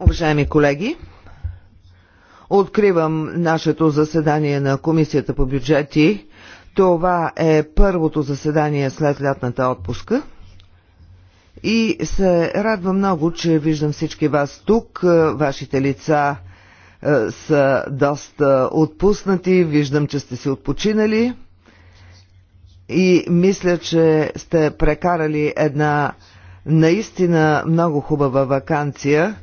Уважаеми колеги, откривам нашето заседание на Комисията по бюджети. Това е първото заседание след лятната отпуска. И се радвам много, че виждам всички вас тук, вашите лица е, са доста отпуснати, виждам, че сте се отпочинали и мисля, че сте прекарали една наистина много хубава вакансия.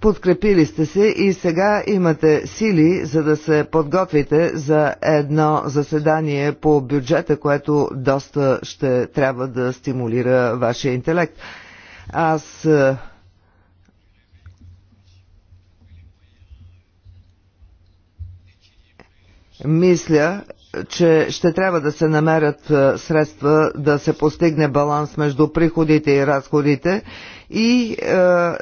Подкрепили сте се и сега имате сили, за да се подготвите за едно заседание по бюджета, което доста ще трябва да стимулира вашия интелект. Аз е, мисля, че ще трябва да се намерят е, средства да се постигне баланс между приходите и разходите и е,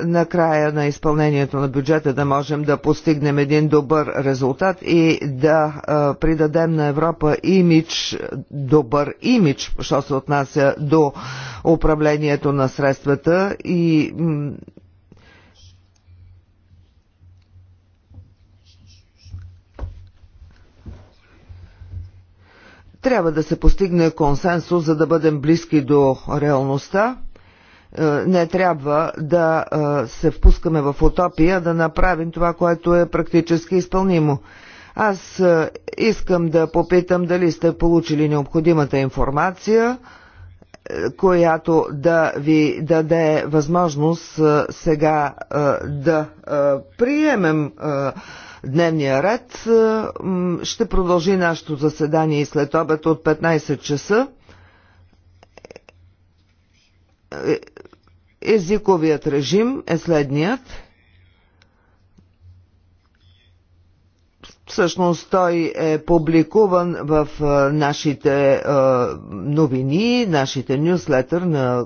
на на изпълнението на бюджета да можем да постигнем един добър резултат и да е, придадем на Европа имидж, добър имидж, що се отнася до управлението на средствата и Трябва да се постигне консенсус, за да бъдем близки до реалността. Е, не трябва да е, се впускаме в утопия, да направим това, което е практически изпълнимо. Аз е, искам да попитам дали сте получили необходимата информация, която да ви даде възможност сега да приемем дневния ред. Е, ще продължи нашето заседание и след обед от 15 часа. Е, е, езиковият режим е следният. Всъщност той е публикуван в нашите новини, нашите нюслетър на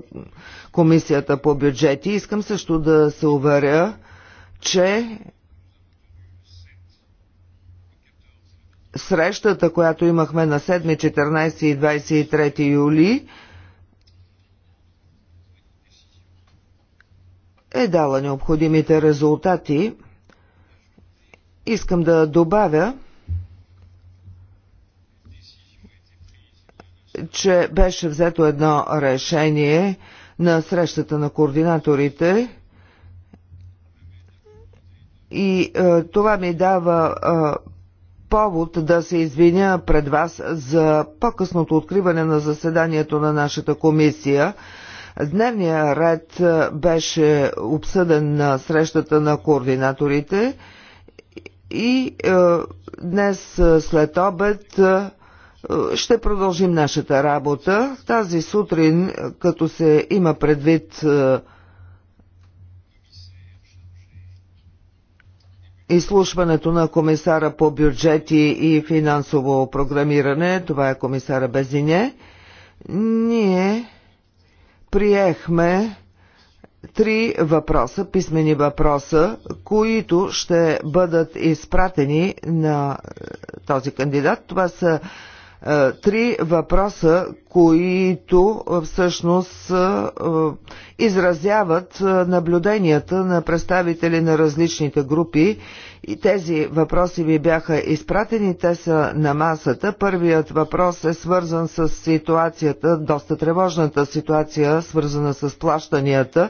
Комисията по бюджети. Искам също да се уверя, че срещата, която имахме на 7, 14 и 23 юли, е дала необходимите резултати. Искам да добавя, че беше взето едно решение на срещата на координаторите и е, това ми дава е, повод да се извиня пред вас за по-късното откриване на заседанието на нашата комисия. Дневният ред е, беше обсъден на срещата на координаторите и е, днес е, след обед е, ще продължим нашата работа. Тази сутрин, е, като се има предвид е, изслушването на комисара по бюджети и финансово програмиране, това е комисара Безине, ние приехме три въпроса, писмени въпроса, които ще бъдат изпратени на е, този кандидат. Това са е, три въпроса, които е, всъщност е, изразяват наблюденията на представители на различните групи и тези въпроси ви бяха изпратени, те са на масата. Първият въпрос е свързан с ситуацията, доста тревожната ситуация, свързана с плащанията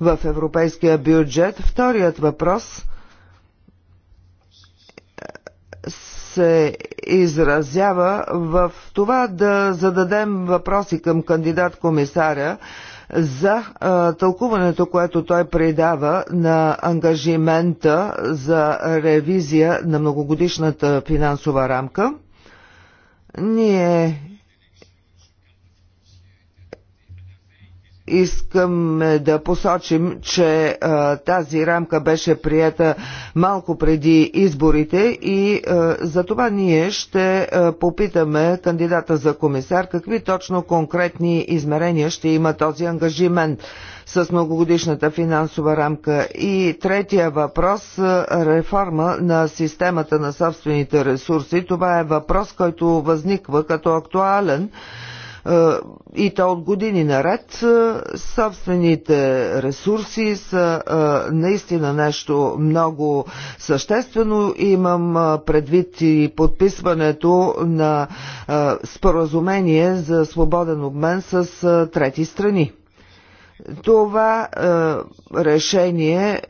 в европейския бюджет. Вторият въпрос се изразява в това да зададем въпроси към кандидат-комисаря, за а, тълкуването, което той придава на ангажимента за ревизия на многогодишната финансова рамка. Ние искам е, да посочим, че а, е, тази рамка беше приета малко преди изборите и а, е, за това ние ще а, попитаме кандидата за комисар какви точно конкретни измерения ще има този ангажимент с многогодишната финансова рамка. И третия въпрос – реформа на системата на собствените ресурси. Това е въпрос, който възниква като актуален е, и то от години наред. Е, собствените ресурси са е, наистина нещо много съществено. Имам предвид и подписването на споразумение за свободен обмен с трети страни. Това е, решение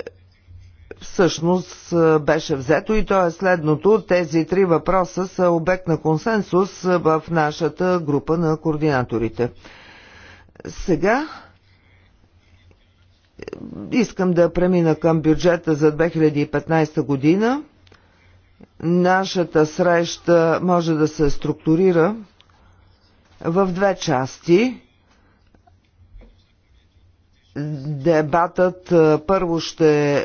всъщност беше взето и то е следното. Тези три въпроса са обект на консенсус в нашата група на координаторите. Сега искам да премина към бюджета за 2015 година. Нашата среща може да се структурира в две части. Дебатът първо ще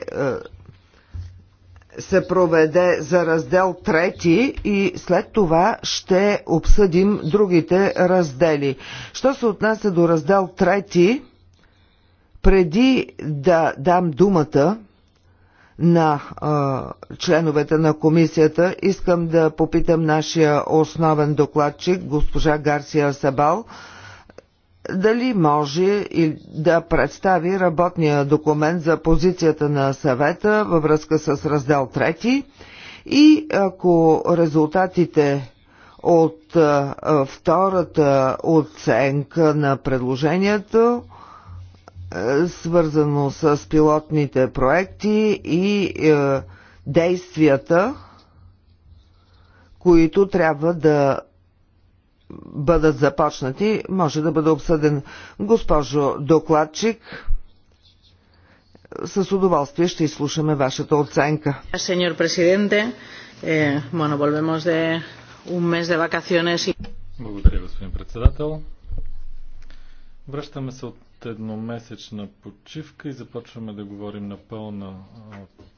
се проведе за раздел 3 и след това ще обсъдим другите раздели. Що се отнася до раздел 3, преди да дам думата на а, членовете на комисията, искам да попитам нашия основен докладчик, госпожа Гарсия Сабал, дали може да представи работния документ за позицията на съвета във връзка с раздел 3 и ако резултатите от втората оценка на предложението, свързано с пилотните проекти и действията, които трябва да бъдат започнати, може да бъде обсъден. Госпожо докладчик, с удоволствие ще изслушаме вашата оценка. Сеньор президенте, eh, bueno, volvemos de un mes de vacaciones. Благодаря, господин председател. Връщаме се от едномесечна почивка и започваме да говорим на пълна,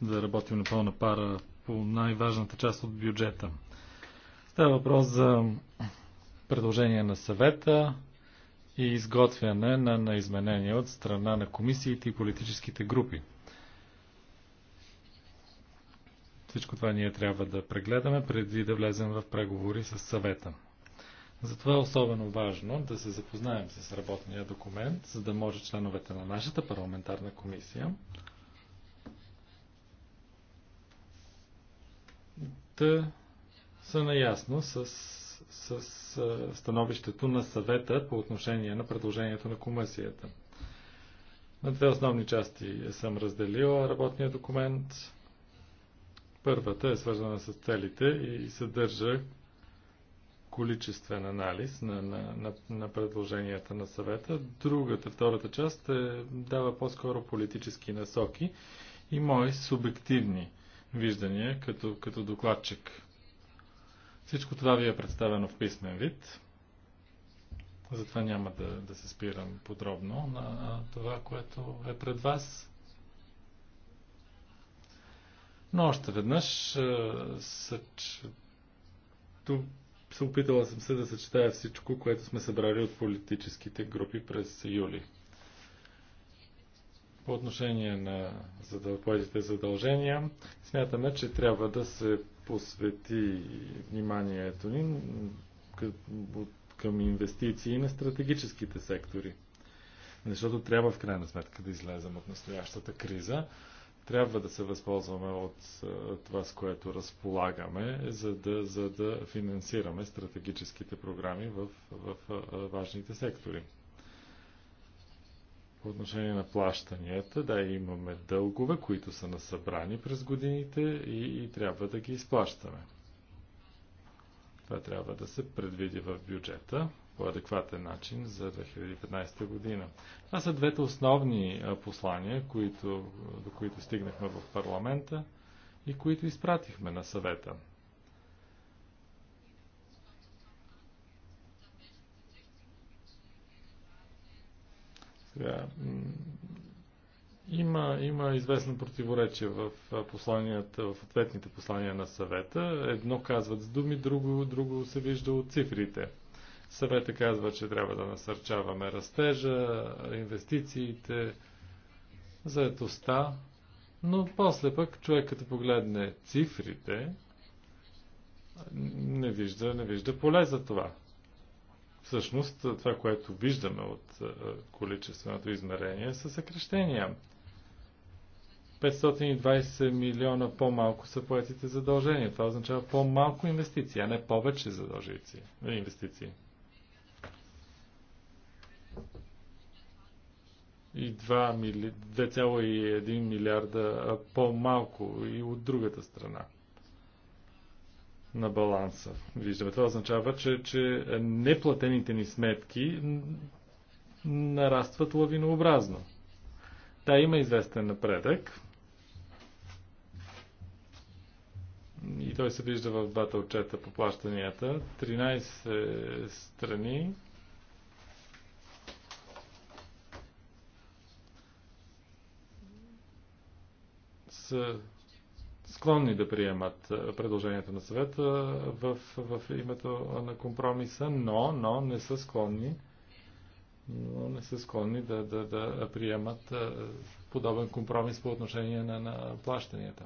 да работим на пълна пара по най-важната част от бюджета. Става въпрос за предложение на съвета и изготвяне на, на изменения от страна на комисиите и политическите групи. Всичко това ние трябва да прегледаме преди да влезем в преговори с съвета. Затова е особено важно да се запознаем с работния документ, за да може членовете на нашата парламентарна комисия да са наясно с с становището на съвета по отношение на предложението на комисията. На две основни части съм разделила работния документ. Първата е свързана с целите и съдържа количествен анализ на, на, на, на предложенията на съвета. Другата, втората част е, дава по-скоро политически насоки и мои субективни виждания като, като докладчик всичко това ви е представено в писмен вид. Затова няма да, да се спирам подробно на това, което е пред вас. Но още веднъж е, съч... се опитала съм се да съчетая всичко, което сме събрали от политическите групи през юли. По отношение на задъл... поедите задължения, смятаме, че трябва да се посвети вниманието ни към инвестиции на стратегическите сектори. Защото трябва в крайна сметка да излезем от настоящата криза. Трябва да се възползваме от това, с което разполагаме, за да, за да финансираме стратегическите програми в, в важните сектори. По отношение на плащанията, да, имаме дългове, които са насъбрани през годините и, и трябва да ги изплащаме. Това трябва да се предвиди в бюджета по адекватен начин за 2015 година. Това са двете основни послания, които, до които стигнахме в парламента и които изпратихме на съвета. Сега, има, има известно противоречие в посланията, в ответните послания на съвета. Едно казват с думи, друго, друго се вижда от цифрите. Съвета казва, че трябва да насърчаваме растежа, инвестициите, заетостта, но после пък човек като погледне цифрите, не вижда, не вижда поле за това. Всъщност, това, което виждаме от е, количественото измерение, са съкрещения. 520 милиона по-малко са поетите задължения. Това означава по-малко инвестиции, а не повече задължици, е, инвестиции. И 2,1 милиарда по-малко и от другата страна на баланса. Виждаме, това означава, че, че неплатените ни сметки нарастват лавинообразно. Та има известен напредък. И той се вижда в двата отчета по плащанията. 13 страни са склонни да приемат предложението на съвета в, в името на компромиса, но, но не са склонни но не са склонни да, да, да приемат подобен компромис по отношение на, на плащанията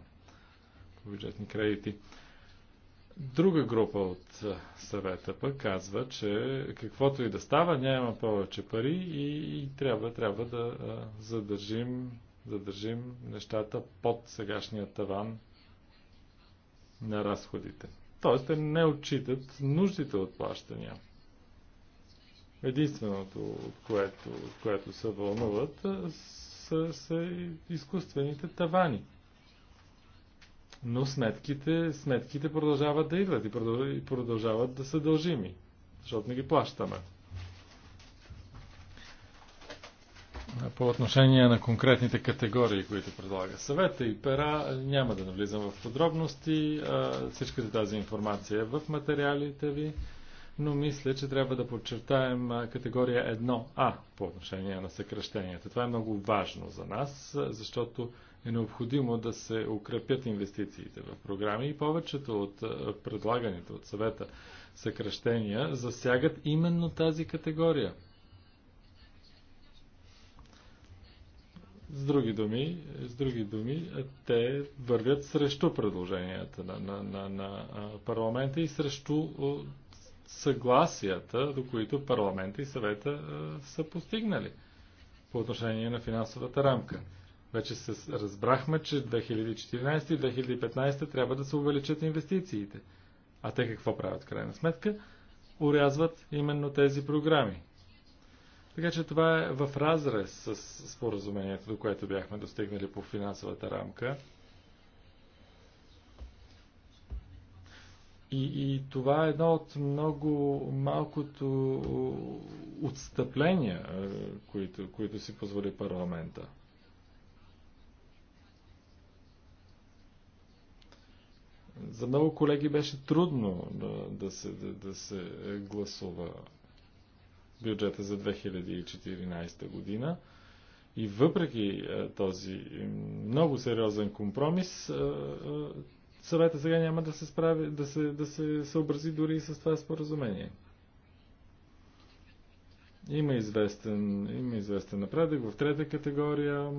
по бюджетни кредити. Друга група от съвета пък казва, че каквото и да става, няма повече пари и, и трябва, трябва да задържим, задържим нещата под сегашния таван на разходите. Тоест, те не отчитат нуждите от плащания. Единственото, от което, от което се вълнуват, са, са изкуствените тавани. Но сметките, сметките продължават да идват и продължават да са дължими, защото не ги плащаме. По отношение на конкретните категории, които предлага съвета и пера, няма да навлизам в подробности. Всичката тази информация е в материалите ви, но мисля, че трябва да подчертаем категория 1А по отношение на съкръщенията. Това е много важно за нас, защото е необходимо да се укрепят инвестициите в програми и повечето от предлаганите от съвета съкръщения засягат именно тази категория – С други думи, с други думи те вървят срещу предложенията на, на, на, на парламента и срещу съгласията, до които парламента и съвета са постигнали по отношение на финансовата рамка. Вече се разбрахме, че 2014 и 2015 трябва да се увеличат инвестициите. А те какво правят в крайна сметка? Урязват именно тези програми. Така че това е в разрез с споразумението, до което бяхме достигнали по финансовата рамка. И, и това е едно от много малкото отстъпления, е, които, които си позволи парламента. За много колеги беше трудно да, да, се, да, да се гласува бюджета за 2014 година. И въпреки е, този много сериозен компромис, е, е, съвета сега няма да се справи, да се, да се съобрази дори и с това споразумение. Има известен, има известен напредък в трета категория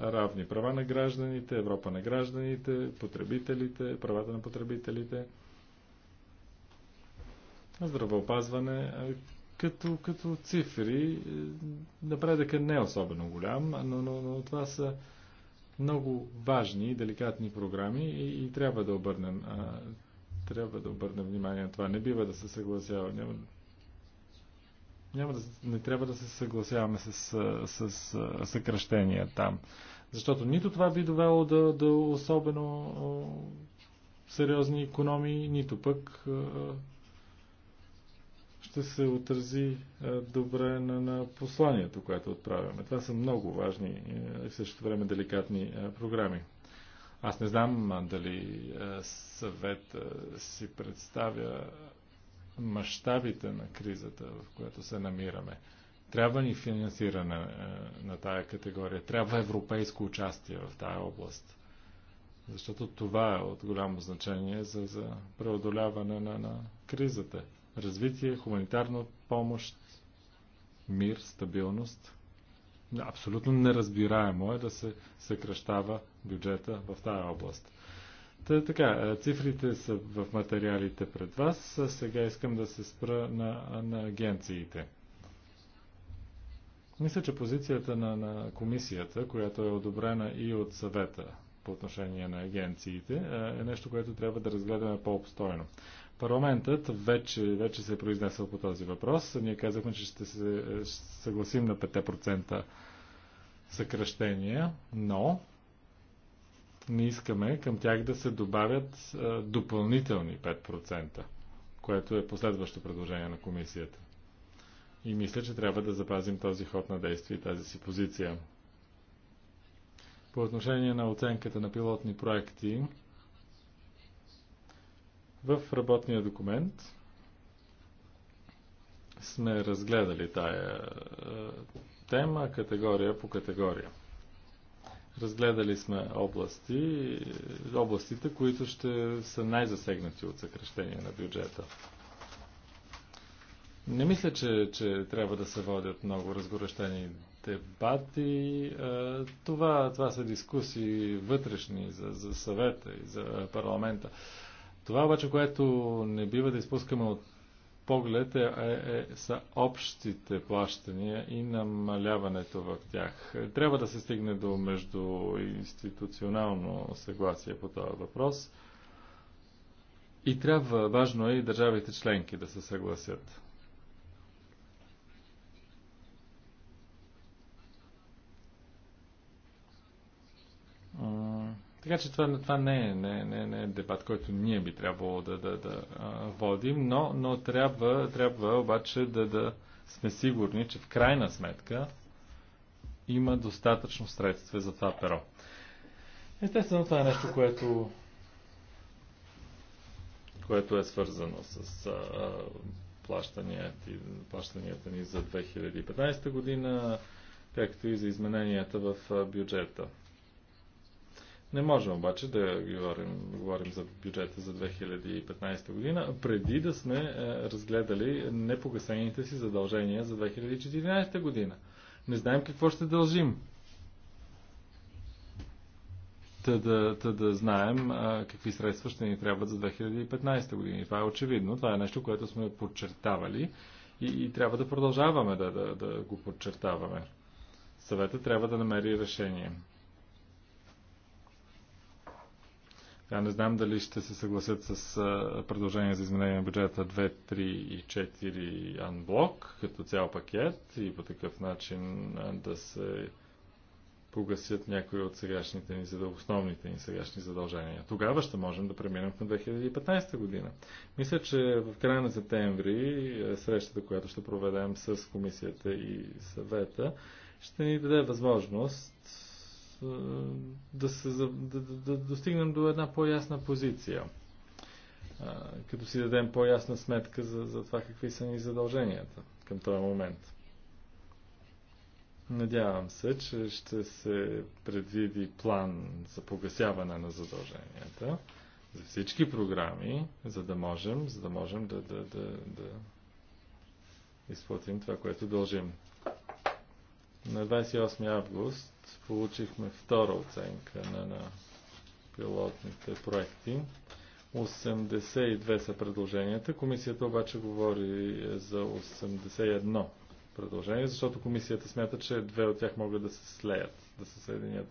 равни права на гражданите, Европа на гражданите, потребителите, правата на потребителите, здравеопазване, като, като цифри, напредъкът не е особено голям, но, но, но това са много важни и деликатни програми и, и трябва да обърнем а, трябва да обърнем внимание на това. Не бива да се съгласява. Няма, няма да, не трябва да се съгласяваме с, с, с съкръщения там. Защото нито това би довело до, до особено о, сериозни економии, нито пък о, ще се отрази добре на, на посланието, което отправяме. Това са много важни е, и в същото време деликатни е, програми. Аз не знам дали е, съвет си представя мащабите на кризата, в която се намираме. Трябва ни финансиране на тая категория. Трябва европейско участие в тая област. Защото това е от голямо значение за, за преодоляване на, на кризата развитие, хуманитарна помощ, мир, стабилност. Абсолютно неразбираемо е да се съкръщава бюджета в тази област. Та, така, е, цифрите са в материалите пред вас. Сега искам да се спра на, на агенциите. Мисля, че позицията на, на комисията, която е одобрена и от съвета по отношение на агенциите, е, е нещо, което трябва да разгледаме по-обстойно. Парламентът вече, вече се е произнесъл по този въпрос. Ние казахме, че ще се ще съгласим на 5% съкръщения, но не искаме към тях да се добавят допълнителни 5%, което е последващо предложение на комисията. И мисля, че трябва да запазим този ход на действие и тази си позиция. По отношение на оценката на пилотни проекти, в работния документ сме разгледали тая е, тема категория по категория. Разгледали сме области, областите, които ще са най-засегнати от съкрещение на бюджета. Не мисля, че, че трябва да се водят много разгорещени дебати. Е, това, това са дискусии вътрешни за, за съвета и за парламента. Това обаче, което не бива да изпускаме от поглед е, е, е, са общите плащания и намаляването в тях. Трябва да се стигне до институционално съгласие по този въпрос. И трябва, важно е и държавите членки да се съгласят. Така че това, това не, е, не, не, не е дебат, който ние би трябвало да, да, да водим, но, но трябва, трябва обаче да, да сме сигурни, че в крайна сметка има достатъчно средства за това перо. Естествено, това е нещо, което, което е свързано с а, плащанията, плащанията ни за 2015 година, както и за измененията в бюджета. Не можем обаче да говорим, говорим за бюджета за 2015 година, преди да сме е, разгледали непогасените си задължения за 2014 година. Не знаем какво ще дължим. Та да, та да знаем а, е, какви средства ще ни трябват за 2015 година. Това е очевидно. Това е нещо, което сме подчертавали и, и трябва да продължаваме да, да, да го подчертаваме. Съветът трябва да намери решение. Сега не знам дали ще се съгласят с предложение за изменение на бюджета 2, 3 и 4 анблок като цял пакет и по такъв начин да се погасят някои от сегашните ни, основните ни сегашни задължения. Тогава ще можем да преминем към 2015 година. Мисля, че в края на септември е, срещата, която ще проведем с комисията и съвета, ще ни даде възможност да, се, да, да, да достигнем до една по-ясна позиция, като си дадем по-ясна сметка за, за това какви са ни задълженията към този момент. Надявам се, че ще се предвиди план за погасяване на задълженията за всички програми, за да можем, за да, можем да, да, да, да изплатим това, което дължим. На 28 август получихме втора оценка на, на пилотните проекти. 82 са предложенията. Комисията обаче говори е, за 81 предложение, защото комисията смята, че две от тях могат да се слеят, да се съединят.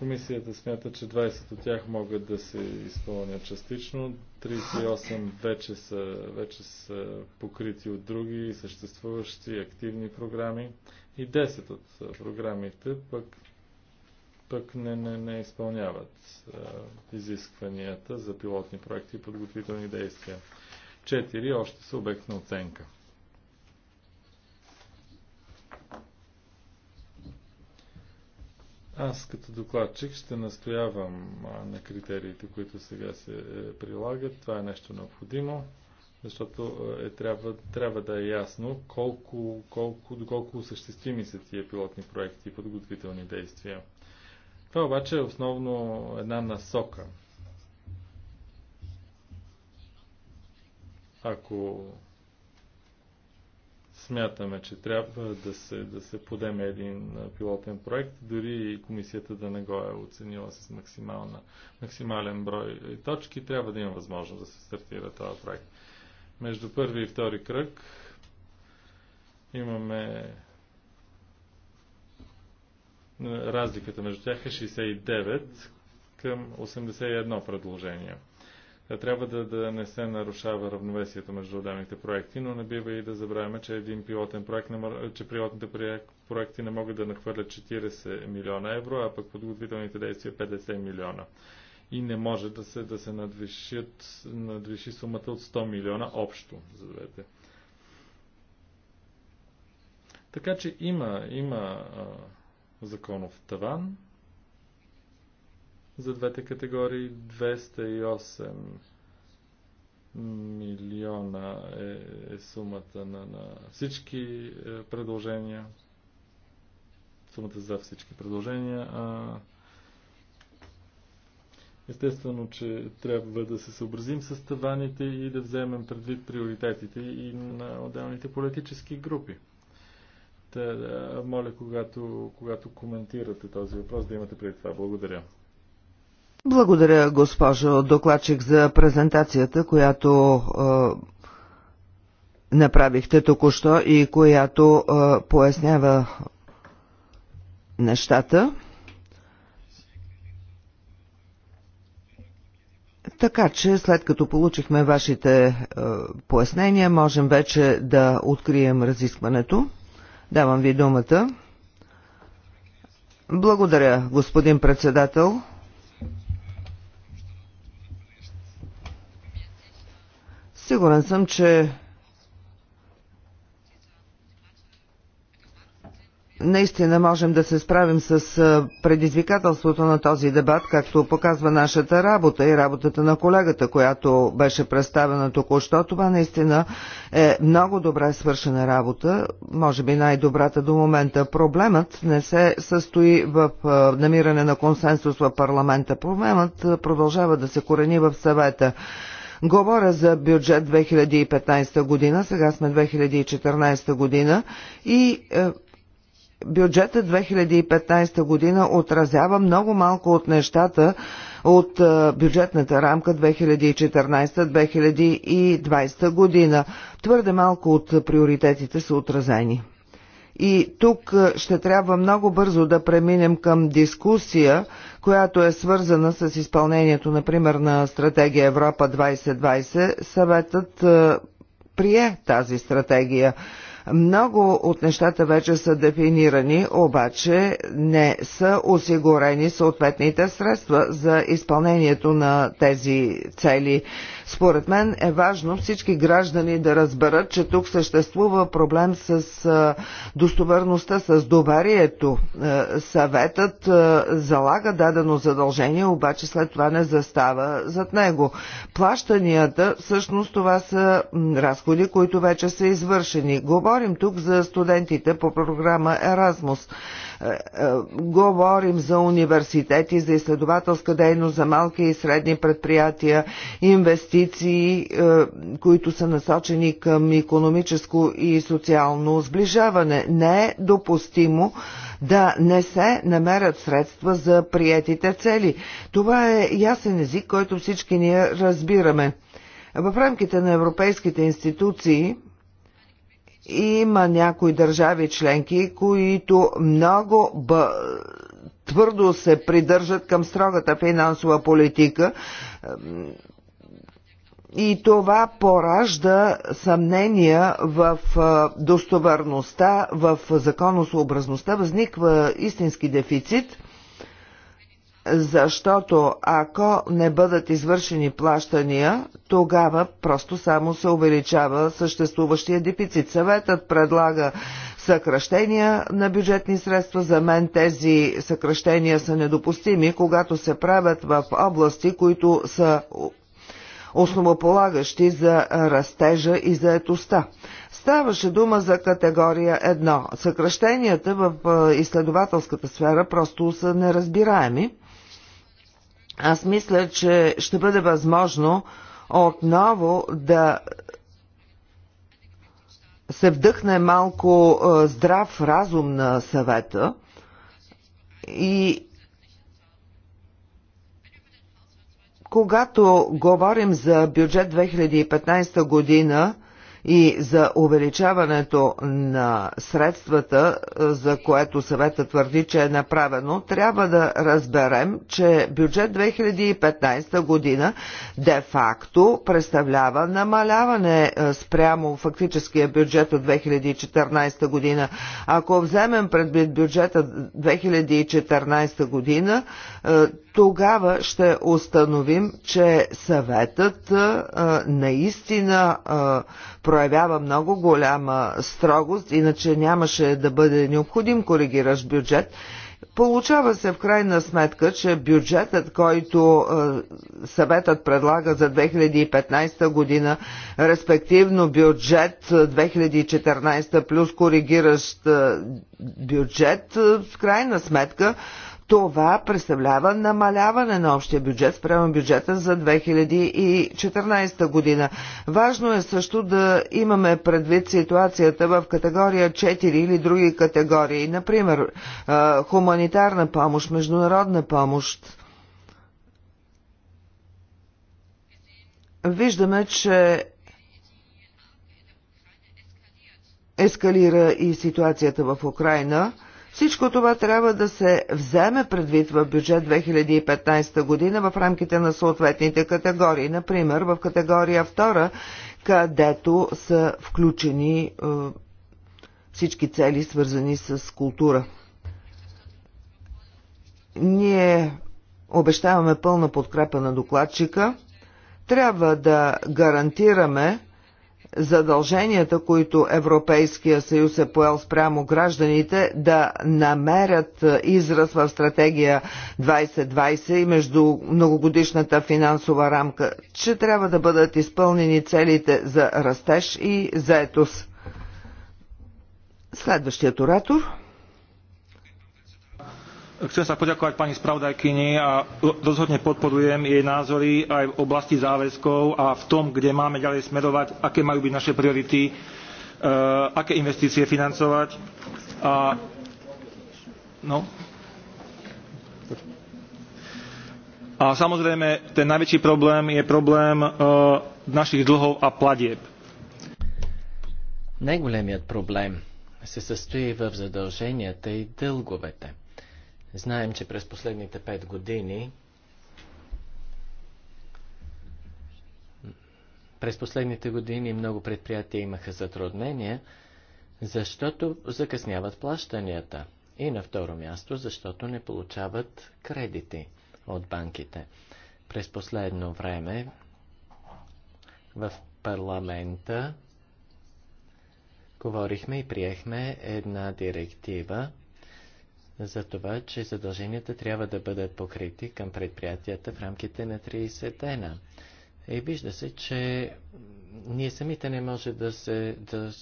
Комисията смята, че 20 от тях могат да се изпълнят частично, 38 вече са, вече са покрити от други съществуващи активни програми и 10 от програмите пък, пък не, не, не изпълняват а, изискванията за пилотни проекти и подготвителни действия. 4 още са обект на оценка. Аз като докладчик ще настоявам на критериите, които сега се е, прилагат. Това е нещо необходимо, защото е, е, трябва, трябва да е ясно колко, колко, доколко осъществими са тия пилотни проекти и подготвителни действия. Това обаче е основно една насока. Ако смятаме, че трябва да се, да се подеме един пилотен проект, дори и комисията да не го е оценила с максимален брой точки, трябва да има възможност да се стартира този проект. Между първи и втори кръг имаме разликата между тях е 69 към 81 предложения. Трябва да, да не се нарушава равновесието между отделните проекти, но не бива и да забравяме, че един пилотен проект, че пилотните проекти не могат да нахвърлят 40 милиона евро, а пък подготвителните действия 50 милиона. И не може да се, да се надвишат, надвиши сумата от 100 милиона общо за двете. Така че има, има а, законов таван за двете категории. 208 милиона е, е сумата на, на всички е, предложения. Сумата за всички предложения. А, Естествено, че трябва да се съобразим с таваните и да вземем предвид приоритетите и на отделните политически групи. Та, моля, когато, когато коментирате този въпрос, да имате преди това. Благодаря. Благодаря, госпожо докладчик, за презентацията, която е, направихте току-що и която е, пояснява нещата. Така че, след като получихме вашите е, пояснения, можем вече да открием разискването. Давам ви думата. Благодаря, господин председател. Сигурен съм, че наистина можем да се справим с предизвикателството на този дебат, както показва нашата работа и работата на колегата, която беше представена току-що. Това наистина е много добре свършена работа, може би най-добрата до момента. Проблемът не се състои в намиране на консенсус в парламента. Проблемът продължава да се корени в съвета. Говоря за бюджет 2015 година, сега сме 2014 година и е, бюджета 2015 година отразява много малко от нещата от е, бюджетната рамка 2014-2020 година. Твърде малко от приоритетите са отразени. И тук е, ще трябва много бързо да преминем към дискусия която е свързана с изпълнението, например, на стратегия Европа 2020, съветът е, прие тази стратегия. Много от нещата вече са дефинирани, обаче не са осигурени съответните средства за изпълнението на тези цели. Според мен е важно всички граждани да разберат, че тук съществува проблем с достоверността, с доверието. Съветът залага дадено задължение, обаче след това не застава зад него. Плащанията, всъщност това са разходи, които вече са извършени. Говорим тук за студентите по програма Erasmus. Е, е, говорим за университети, за изследователска дейност, за малки и средни предприятия, инвестиции, е, които са насочени към економическо и социално сближаване. Не е допустимо да не се намерят средства за приетите цели. Това е ясен език, който всички ние разбираме. В рамките на европейските институции има някои държави членки, които много б... твърдо се придържат към строгата финансова политика. И това поражда съмнения в достоверността, в законосообразността, възниква истински дефицит – защото ако не бъдат извършени плащания, тогава просто само се увеличава съществуващия дефицит. Съветът предлага съкръщения на бюджетни средства. За мен тези съкръщения са недопустими, когато се правят в области, които са основополагащи за растежа и заетостта. Ставаше дума за категория 1. Съкръщенията в изследователската сфера просто са неразбираеми аз мисля, че ще бъде възможно отново да се вдъхне малко е, здрав разум на съвета и когато говорим за бюджет 2015 година, и за увеличаването на средствата, е, за което съвета твърди, че е направено, трябва да разберем, че бюджет 2015 година де-факто представлява намаляване е, спрямо фактическия бюджет от 2014 година. Ако вземем предвид бюджета 2014 година, е, тогава ще установим, че съветът наистина проявява много голяма строгост, иначе нямаше да бъде необходим коригиращ бюджет. Получава се в крайна сметка, че бюджетът, който е, съветът предлага за 2015 година, респективно бюджет 2014 е, плюс коригиращ е, бюджет, в крайна сметка това представлява намаляване на общия бюджет спрямо бюджета за 2014 година. Важно е също да имаме предвид ситуацията в категория 4 или други категории, например хуманитарна помощ, международна помощ. Виждаме, че ескалира и ситуацията в Украина – всичко това трябва да се вземе предвид в бюджет 2015 година в рамките на съответните категории. Например, в категория 2, където са включени е, всички цели, свързани с култура. Ние обещаваме пълна подкрепа на докладчика. Трябва да гарантираме задълженията, които Европейския съюз е поел спрямо гражданите, да намерят израз в стратегия 2020 и между многогодишната финансова рамка, че трябва да бъдат изпълнени целите за растеж и заетост. Следващият оратор. Chcem sa poďakovať pani spravodajkyni a rozhodne podporujem jej názory aj v oblasti záväzkov a v tom, kde máme ďalej smerovať, aké majú byť naše priority, aké investície financovať. A, no, A samozrejme, ten najväčší problém je problém našich dlhov a platieb. Знаем, че през последните пет години през последните години много предприятия имаха затруднения, защото закъсняват плащанията. И на второ място, защото не получават кредити от банките. През последно време в парламента говорихме и приехме една директива за това, че задълженията трябва да бъдат покрити към предприятията в рамките на 30 дена. И вижда се, че ние самите не може да, се, да,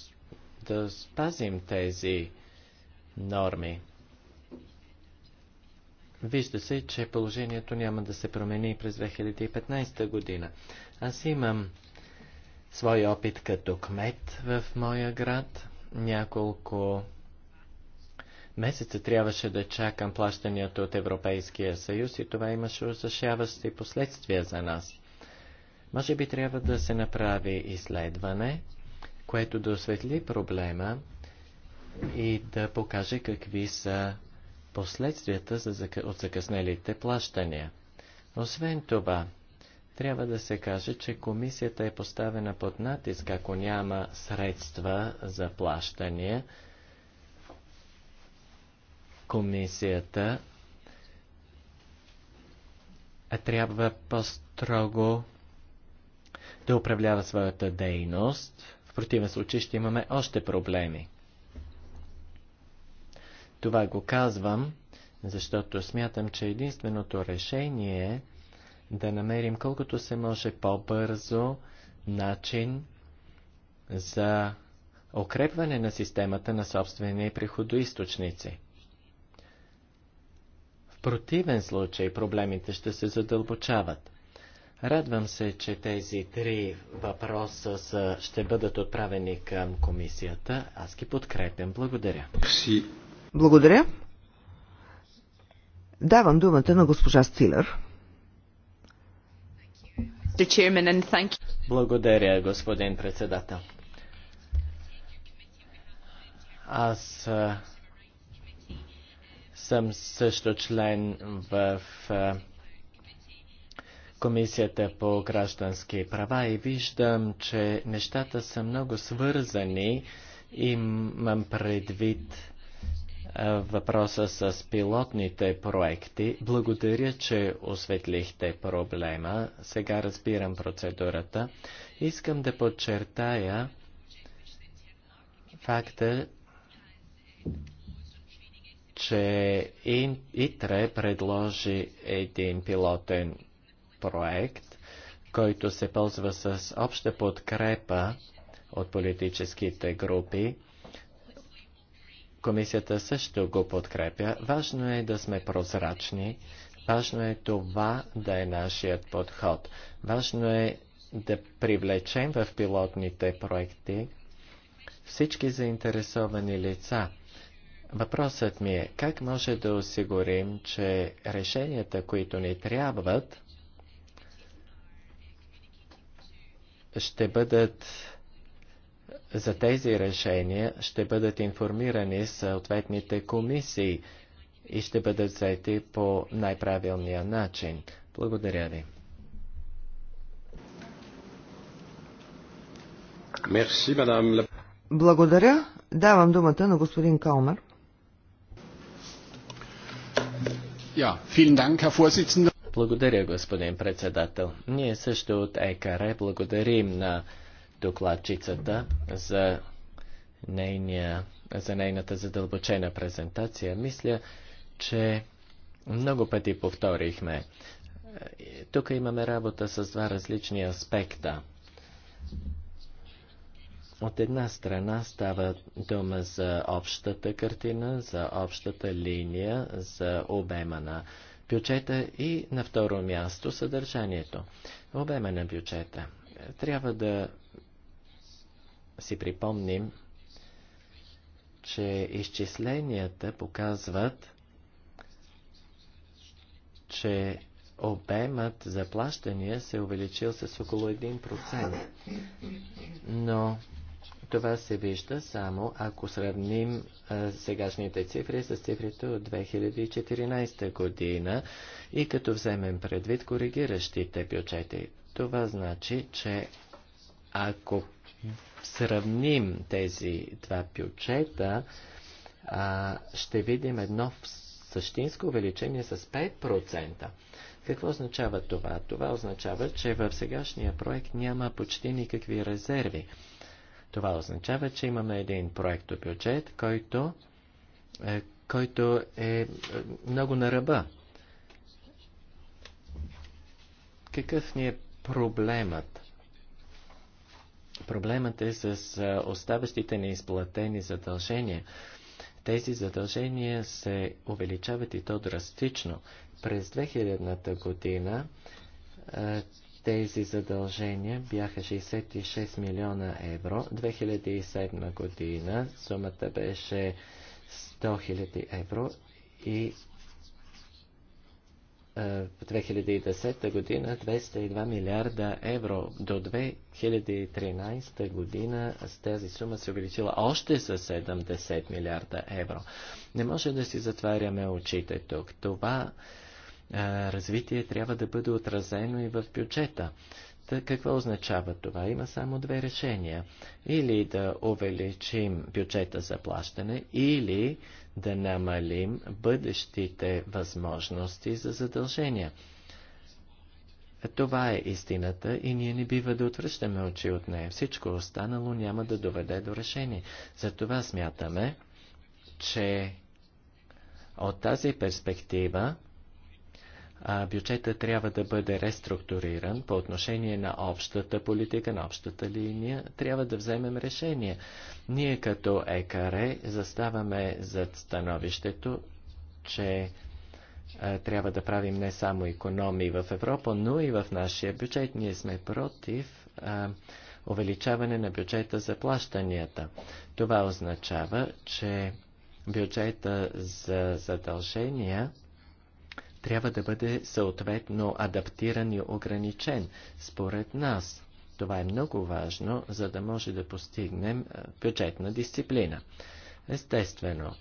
да спазим тези норми. Вижда се, че положението няма да се промени през 2015 година. Аз имам свой опит като кмет в моя град. Няколко Месеца трябваше да чакам плащанията от Европейския съюз и това имаше ужасяващи последствия за нас. Може би трябва да се направи изследване, което да осветли проблема и да покаже какви са последствията от закъснелите плащания. Освен това, трябва да се каже, че комисията е поставена под натиск, ако няма средства за плащания, комисията трябва по-строго да управлява своята дейност. В противен случай ще имаме още проблеми. Това го казвам, защото смятам, че единственото решение е да намерим колкото се може по-бързо начин за укрепване на системата на собствени приходоисточници противен случай проблемите ще се задълбочават. Радвам се, че тези три въпроса са, ще бъдат отправени към комисията. Аз ги подкрепям. Благодаря. Благодаря. Давам думата на госпожа Стилер. Благодаря, господин председател. Аз съм също член в Комисията по граждански права и виждам, че нещата са много свързани. Имам предвид въпроса с пилотните проекти. Благодаря, че осветлихте проблема. Сега разбирам процедурата. Искам да подчертая факта, че ИТРЕ предложи един пилотен проект, който се ползва с обща подкрепа от политическите групи. Комисията също го подкрепя. Важно е да сме прозрачни. Важно е това да е нашият подход. Важно е да привлечем в пилотните проекти всички заинтересовани лица. Въпросът ми е, как може да осигурим, че решенията, които ни трябват, ще бъдат за тези решения, ще бъдат информирани съответните комисии и ще бъдат взети по най-правилния начин. Благодаря ви. Благодаря. Давам думата на господин Калмер. Благодаря, господин председател. Ние също от ЕКР благодарим на докладчицата за, нейния, за нейната задълбочена презентация. Мисля, че много пъти повторихме. Тук имаме работа с два различни аспекта. От една страна става дума за общата картина, за общата линия, за обема на бюджета и на второ място съдържанието. Обема на бюджета. Трябва да си припомним, че изчисленията показват, че обемът за плащания се е увеличил с около 1%. Но това се вижда само ако сравним а, сегашните цифри с цифрите от 2014 година и като вземем предвид коригиращите бюджети. Това значи, че ако сравним тези два бюджета, а, ще видим едно същинско увеличение с 5%. Какво означава това? Това означава, че в сегашния проект няма почти никакви резерви. Това означава, че имаме един проект бюджет, който, е, който е, е много на ръба. Какъв ни е проблемът? Проблемът е с оставащите неизплатени задължения. Тези задължения се увеличават и то драстично. През 2000 година тези задължения бяха 66 милиона евро. 2007 година сумата беше 100 хиляди евро и 2010 е, година 202 милиарда евро. До 2013 година с тази сума се увеличила още с 70 милиарда евро. Не може да си затваряме очите тук. Това развитие трябва да бъде отразено и в бюджета. какво означава това? Има само две решения. Или да увеличим бюджета за плащане, или да намалим бъдещите възможности за задължения. Това е истината и ние не бива да отвръщаме очи от нея. Всичко останало няма да доведе до решение. Затова смятаме, че от тази перспектива бюджета трябва да бъде реструктуриран по отношение на общата политика, на общата линия, трябва да вземем решение. Ние като ЕКАРЕ заставаме зад становището, че трябва да правим не само економии в Европа, но и в нашия бюджет. Ние сме против а, увеличаване на бюджета за плащанията. Това означава, че бюджета за задължения трябва да бъде съответно адаптиран и ограничен. Според нас това е много важно, за да може да постигнем бюджетна дисциплина. Естествено,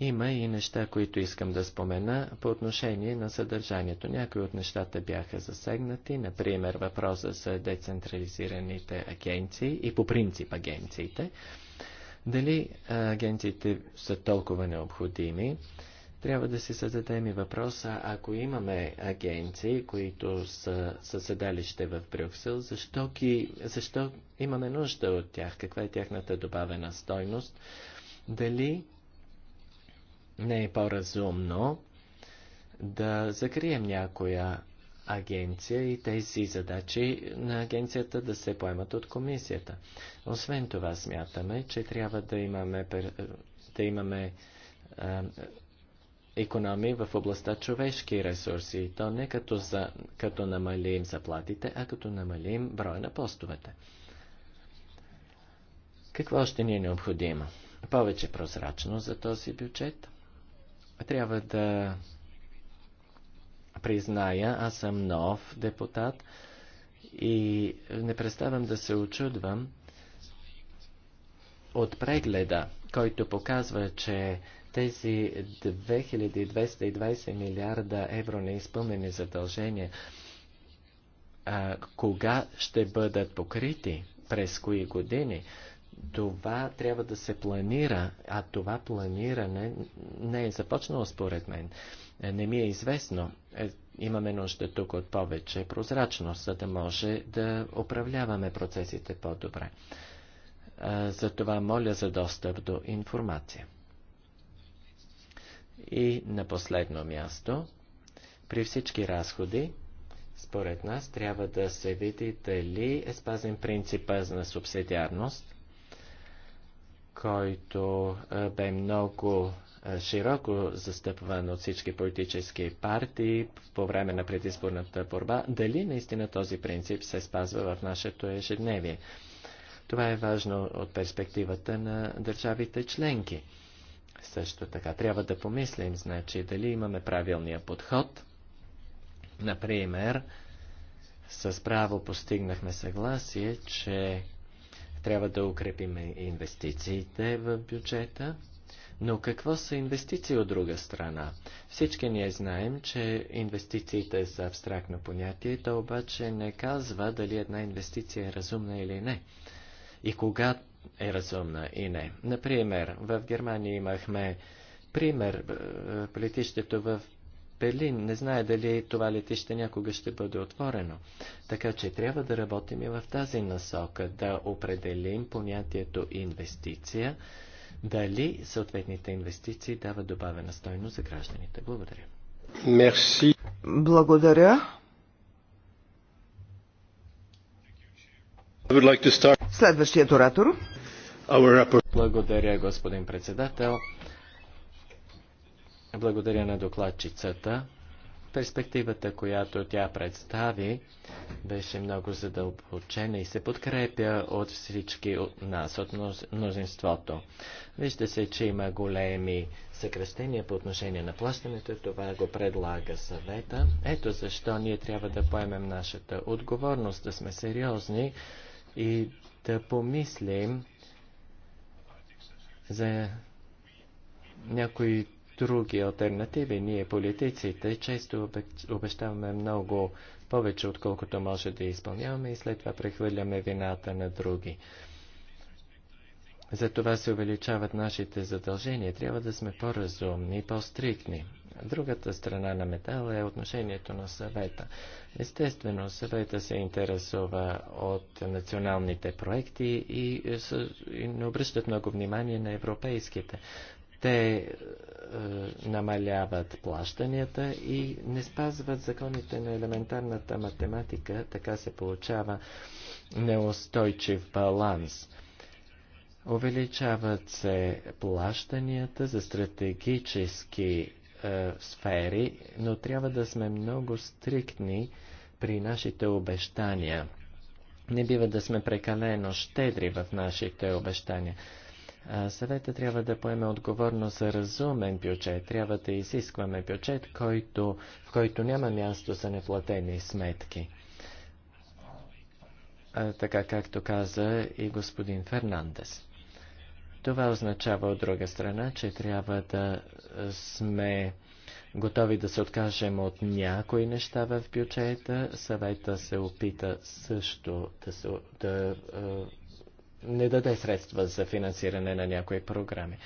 има и неща, които искам да спомена по отношение на съдържанието. Някои от нещата бяха засегнати, например въпроса за децентрализираните агенции и по принцип агенциите. Дали агенциите са толкова необходими? Трябва да си зададем и въпроса, ако имаме агенции, които са със седалище в Брюксел, защо, ги, защо имаме нужда от тях? Каква е тяхната добавена стойност? Дали не е по-разумно да закрием някоя агенция и тези задачи на агенцията да се поемат от комисията. Освен това смятаме, че трябва да имаме, да имаме економии в областта човешки ресурси. то не като, за, като намалим заплатите, а като намалим броя на постовете. Какво още ни е необходимо? Повече прозрачност за този бюджет. Трябва да призная, аз съм нов депутат и не представям да се очудвам от прегледа, който показва, че тези 2220 милиарда евро неизпълнени задължения, а, кога ще бъдат покрити, през кои години, това трябва да се планира, а това планиране не е започнало според мен. Е, не ми е известно. Е, имаме нужда тук от повече прозрачност, за да може да управляваме процесите по-добре. Е, затова моля за достъп до информация. И на последно място, при всички разходи, според нас, трябва да се види дали е спазен принципа на субсидиарност, който бе много широко застъпван от всички политически партии по време на предизборната борба, дали наистина този принцип се спазва в нашето ежедневие. Това е важно от перспективата на държавите членки. Също така трябва да помислим, значи, дали имаме правилния подход. Например, с право постигнахме съгласие, че трябва да укрепим инвестициите в бюджета. Но какво са инвестиции от друга страна? Всички ние знаем, че инвестициите са абстрактно понятие, то обаче не казва дали една инвестиция е разумна или не. И когато е разумна и не. Например, в Германия имахме пример, е, летището в Берлин. Не знае дали това летище някога ще бъде отворено. Така че трябва да работим и в тази насока, да определим понятието инвестиция, дали съответните инвестиции дават добавена стойност за гражданите. Благодаря. Мерси. Благодаря. Следващият оратор. Благодаря, господин председател. Благодаря на докладчицата. Перспективата, която тя представи, беше много задълбочена и се подкрепя от всички от нас, от мнозинството. Вижда се, че има големи съкръщения по отношение на плащането това го предлага съвета. Ето защо ние трябва да поемем нашата отговорност, да сме сериозни и да помислим за някои други альтернативи. Ние, политиците, често обещаваме много повече, отколкото може да изпълняваме и след това прехвърляме вината на други. Затова се увеличават нашите задължения. Трябва да сме по-разумни и по-стрикни. Другата страна на метала е отношението на съвета. Естествено, съвета се интересува от националните проекти и, не обръщат много внимание на европейските. Те е, намаляват плащанията и не спазват законите на елементарната математика, така се получава неустойчив баланс. Увеличават се плащанията за стратегически е, сфери, но трябва да сме много стриктни при нашите обещания. Не бива да сме прекалено щедри в нашите обещания. Съвета трябва да поеме отговорност за разумен бюджет. Трябва да изискваме бюджет, който, в който няма място за неплатени сметки. А, така както каза и господин Фернандес. Това означава от друга страна, че трябва да е, сме готови да се откажем от някои неща в бюджета. Съвета се опита също да, се, да е, не даде средства за финансиране на някои програми. Е,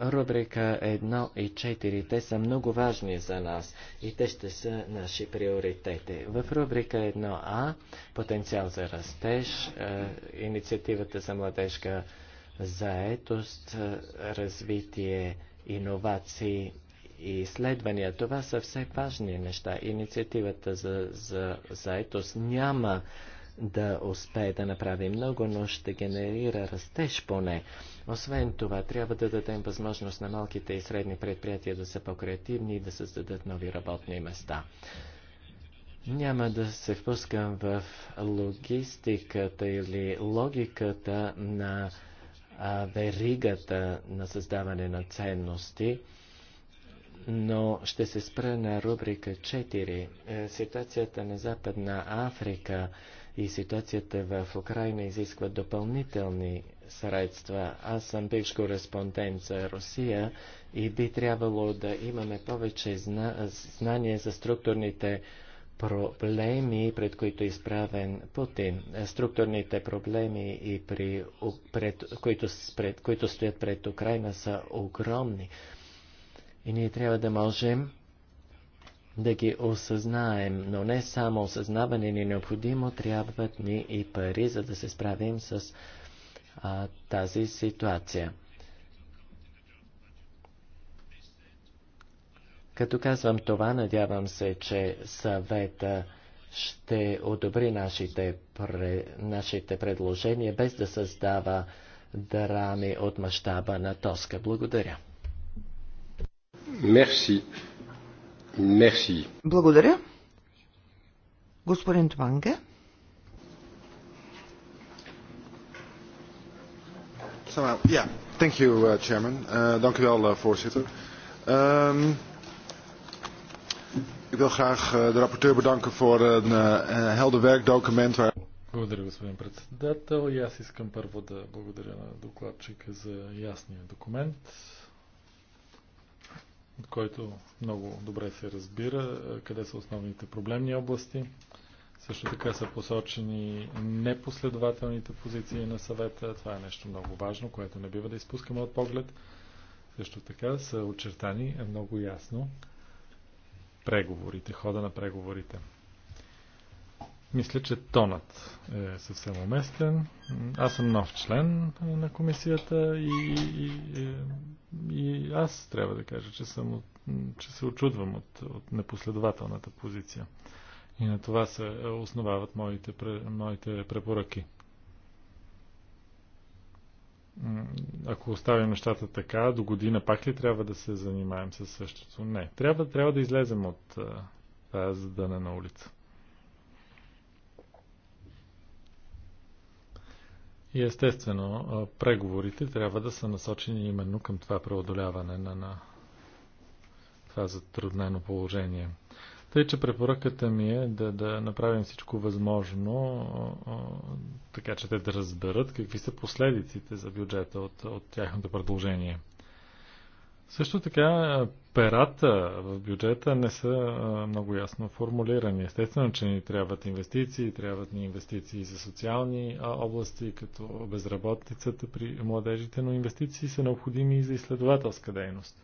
рубрика 1 и 4, те са много важни за нас и те ще са наши приоритети. В рубрика 1А, потенциал за растеж, е, инициативата за младежка заетост, развитие, иновации и изследвания. Това са все важни неща. Инициативата за, за заетост няма да успее да направи много, но ще генерира растеж поне. Освен това, трябва да дадем възможност на малките и средни предприятия да са по-креативни и да създадат нови работни места. Няма да се впускам в логистиката или логиката на а веригата на създаване на ценности, но ще се спра на рубрика 4. Е, ситуацията на Западна Африка и ситуацията в Украина изисква допълнителни средства. Аз съм бивш кореспондент за Русия и би трябвало да имаме повече зна... знание за структурните проблеми, пред които е изправен Путин, структурните проблеми, и при, пред, които, пред, които стоят пред Украина, са огромни. И ние трябва да можем да ги осъзнаем, но не само осъзнаване ни е необходимо, трябват ни и пари, за да се справим с а, тази ситуация. Като казвам това, надявам се, че съвета ще одобри нашите, пре, нашите предложения, без да създава драми от мащаба на Тоска. Благодаря. Мерси. Мерси. Благодаря. Господин Тванге. Ja, yeah. thank you, uh, chairman. Uh, dank u wel, uh, voorzitter. Um, Ik wil graag eh, de rapporteur bedanken voor eh, een helder werkdocument. Waar... Благодаря, господин председател. И аз искам първо да благодаря на докладчика за ясния документ, от който много добре се разбира е, къде са основните проблемни области. Също така са посочени непоследователните позиции на съвета. Това е нещо много важно, което не бива да изпускаме от поглед. Също така са очертани много ясно преговорите, хода на преговорите. Мисля, че тонът е съвсем уместен. Аз съм нов член на комисията и, и, и аз трябва да кажа, че, съм от, че се очудвам от, от непоследователната позиция. И на това се основават моите, моите препоръки ако оставим нещата така, до година пак ли трябва да се занимаем с същото? Не. Трябва, трябва да излезем от тази задъна на улица. И естествено, преговорите трябва да са насочени именно към това преодоляване на, на това затруднено положение. Тъй, че препоръката ми е да, да направим всичко възможно така че те да разберат какви са последиците за бюджета от, от тяхното предложение. Също така, перата в бюджета не са много ясно формулирани. Естествено, че ни трябват инвестиции, трябват ни инвестиции за социални области, като безработицата при младежите, но инвестиции са необходими и за изследователска дейност.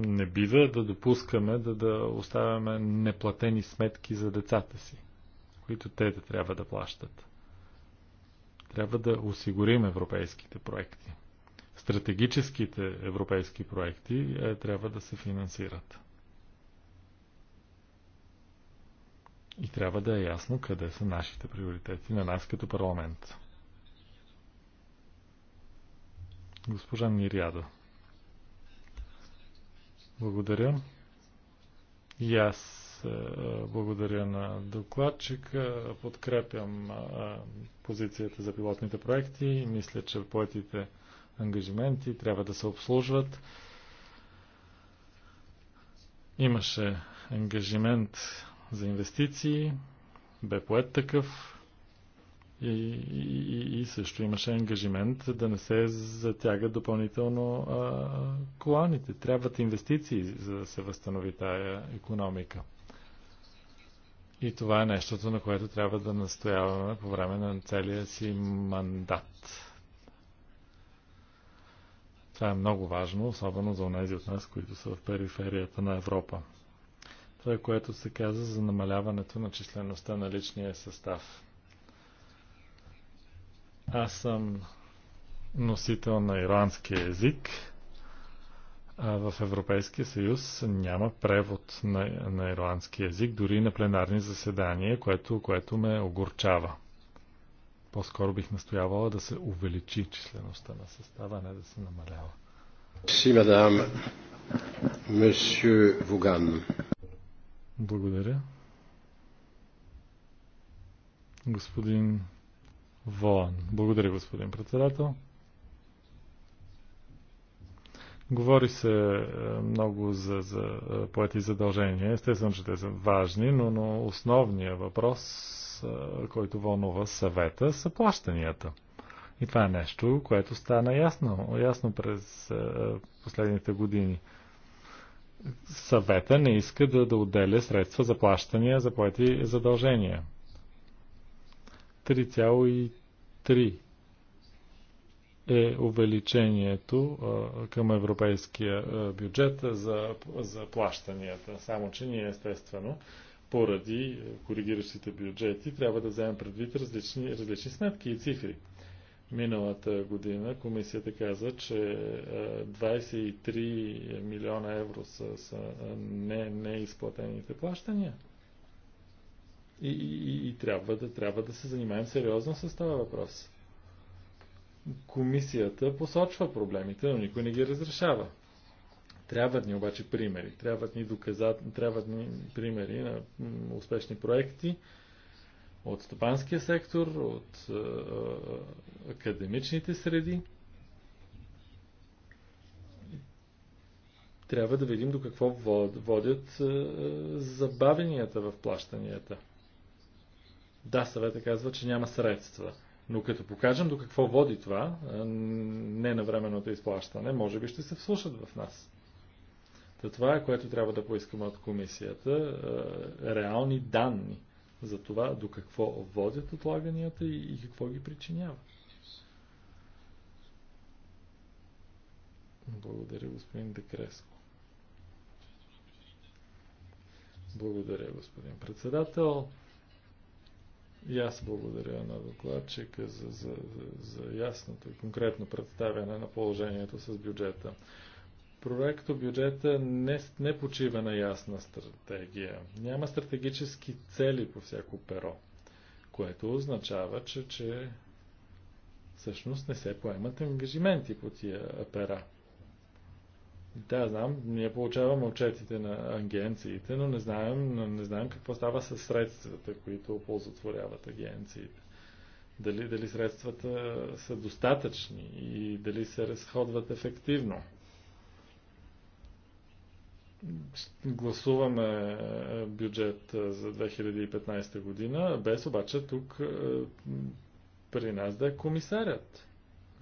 не бива да допускаме да, да оставяме неплатени сметки за децата си, които те да трябва да плащат. Трябва да осигурим европейските проекти. Стратегическите европейски проекти е, трябва да се финансират. И трябва да е ясно къде са нашите приоритети на нас като парламент. Госпожа Ниряда. Благодаря. И аз е, благодаря на докладчика. Подкрепям е, позицията за пилотните проекти мисля, че поетите ангажименти трябва да се обслужват. Имаше ангажимент за инвестиции, бе поет такъв. И, и, и също имаше ангажимент да не се затягат допълнително а, коланите. Трябват инвестиции, за да се възстанови тая економика. И това е нещото, на което трябва да настояваме по време на целия си мандат. Това е много важно, особено за онези от нас, които са в периферията на Европа. Това е което се каза за намаляването на числеността на личния състав. Аз съм носител на ирландски език. А в Европейския съюз няма превод на, на ирландски език, дори на пленарни заседания, което, което ме огорчава. По-скоро бих настоявала да се увеличи числеността на състава, а не да се намалява. Си, мадам. Месье Воган. Благодаря. Господин Волан. Благодаря, господин председател. Говори се е, много за, за е, поети задължения. Естествено, че те са важни, но, но основният въпрос, е, който вълнува съвета, са плащанията. И това е нещо, което стана ясно, ясно през последните години. Съвета не иска да, да отделя средства за плащания за поети задължения. 3,3 е увеличението а, към европейския а, бюджет за, за плащанията. Само, че ние естествено поради коригиращите бюджети трябва да вземем предвид различни, различни сметки и цифри. Миналата година комисията каза, че 23 милиона евро са, са не, неизплатените плащания. И, и, и трябва, да, трябва да се занимаем сериозно с това въпрос. Комисията посочва проблемите, но никой не ги разрешава. Трябват ни обаче примери. Трябват ни, доказат, трябват ни примери на успешни проекти от стопанския сектор, от е, академичните среди. Трябва да видим до какво водят е, забавенията в плащанията – да, съвета казва, че няма средства. Но като покажем до какво води това, е, не на временното изплащане, може би ще се вслушат в нас. Та това е което трябва да поискаме от комисията. Е, реални данни за това до какво водят отлаганията и, и какво ги причинява. Благодаря, господин Декреско. Благодаря, господин председател. И аз благодаря на докладчика за, за, за, за ясното и конкретно представяне на положението с бюджета. Проекто бюджета не, не почива на ясна стратегия. Няма стратегически цели по всяко перо, което означава, че, че всъщност не се поемат ангажименти по тия пера. Да, знам, ние получаваме отчетите на агенциите, но не знаем, но не знаем какво става с средствата, които оползотворяват агенциите. Дали, дали средствата са достатъчни и дали се разходват ефективно. Гласуваме бюджет за 2015 година, без обаче тук при нас да е комисарят,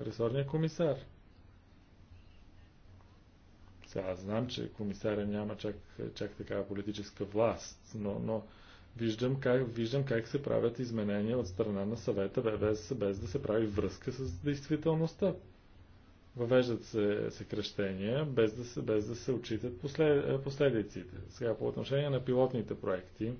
ресорният комисар. Сега аз знам, че комисаря няма чак, чак такава политическа власт, но, но виждам, как, виждам как се правят изменения от страна на съвета, без, без да се прави връзка с действителността. Въвеждат се съкръщения, без да се, без да се отчитат послед, последиците. Сега по отношение на пилотните проекти,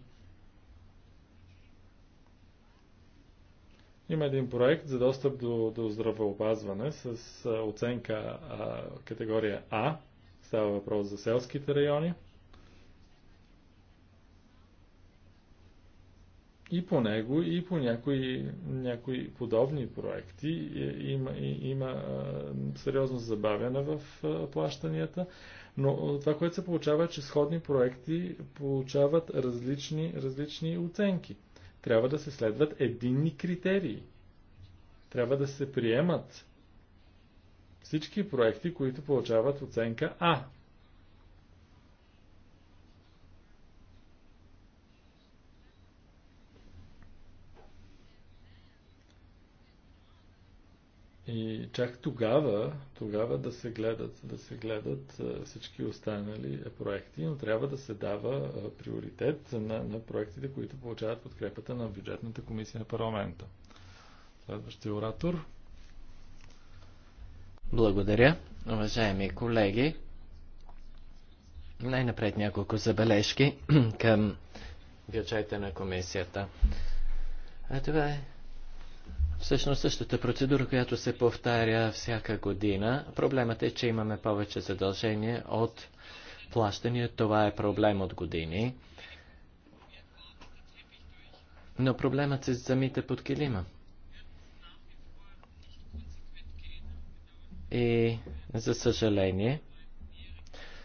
Има един проект за достъп до, до здравеопазване с оценка а, категория А. Става въпрос за селските райони. И по него, и по някои, някои подобни проекти има, има сериозно забавяне в плащанията, но това, което се получава е, че сходни проекти получават различни, различни оценки. Трябва да се следват единни критерии. Трябва да се приемат всички проекти, които получават оценка А. И чак тогава, тогава да се гледат, да се гледат всички останали проекти, но трябва да се дава приоритет на, на проектите, които получават подкрепата на бюджетната комисия на парламента. Следващия оратор. Благодаря, уважаеми колеги. Най-напред няколко забележки към бюджета на комисията. А това е всъщност същата процедура, която се повтаря всяка година. Проблемът е, че имаме повече задължения от плащания. Това е проблем от години. Но проблемът се замита под килима. И за съжаление,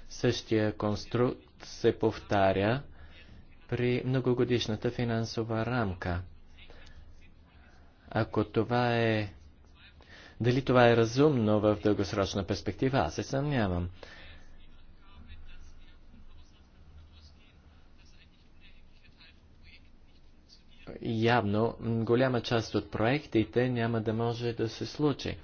същия конструкт се повтаря при многогодишната финансова рамка. Ако това е... Дали това е разумно в дългосрочна перспектива, аз се съмнявам. Явно, голяма част от проектите няма да може да се случи.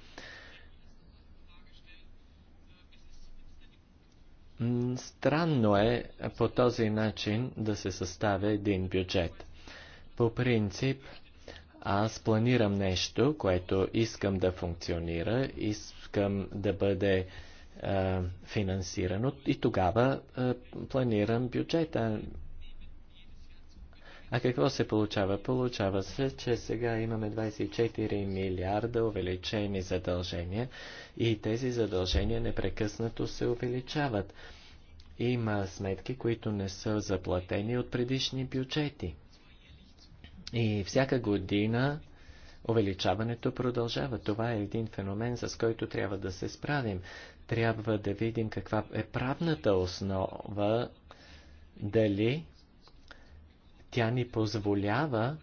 Странно е по този начин да се съставя един бюджет. По принцип, аз планирам нещо, което искам да функционира, искам да бъде е, финансирано и тогава е, планирам бюджета. А какво се получава? Получава се, че сега имаме 24 милиарда увеличени задължения и тези задължения непрекъснато се увеличават. Има сметки, които не са заплатени от предишни бюджети. И всяка година увеличаването продължава. Това е един феномен, с който трябва да се справим. Трябва да видим каква е правната основа, дали тя ни позволява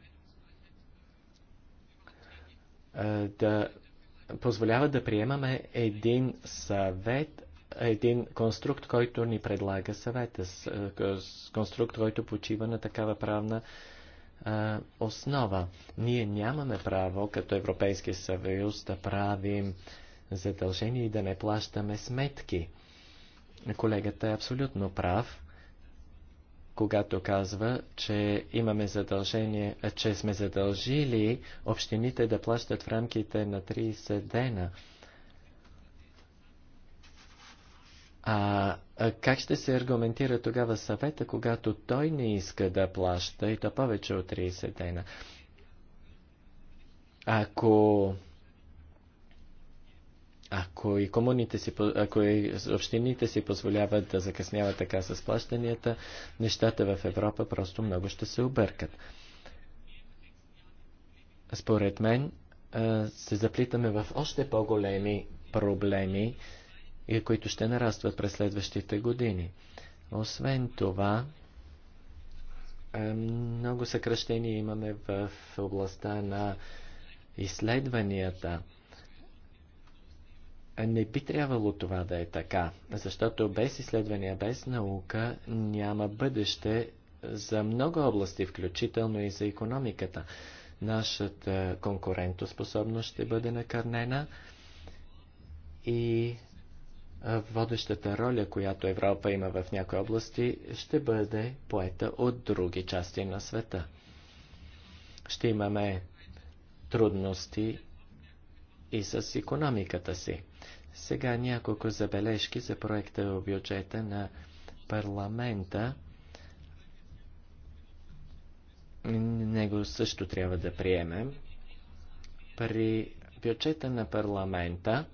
да позволява да приемаме един съвет, един конструкт, който ни предлага съвета, конструкт, който почива на такава правна основа. Ние нямаме право, като Европейски съюз, да правим задължения и да не плащаме сметки. Колегата е абсолютно прав когато казва, че имаме задължение, че сме задължили общините да плащат в рамките на 30 дена. А как ще се аргументира тогава съвета, когато той не иска да плаща и то повече от 30 дена? Ако ако и, комуните си, ако и общините си позволяват да закъсняват така с плащанията, нещата в Европа просто много ще се объркат. Според мен се заплитаме в още по-големи проблеми, които ще нарастват през следващите години. Освен това, много съкръщения имаме в областта на изследванията. Не би трябвало това да е така, защото без изследвания, без наука няма бъдеще за много области, включително и за економиката. Нашата конкурентоспособност ще бъде накърнена и водещата роля, която Европа има в някои области, ще бъде поета от други части на света. Ще имаме трудности и с економиката си. Сега няколко забележки за проекта в бюджета на парламента. Него също трябва да приемем. При бюджета на парламента,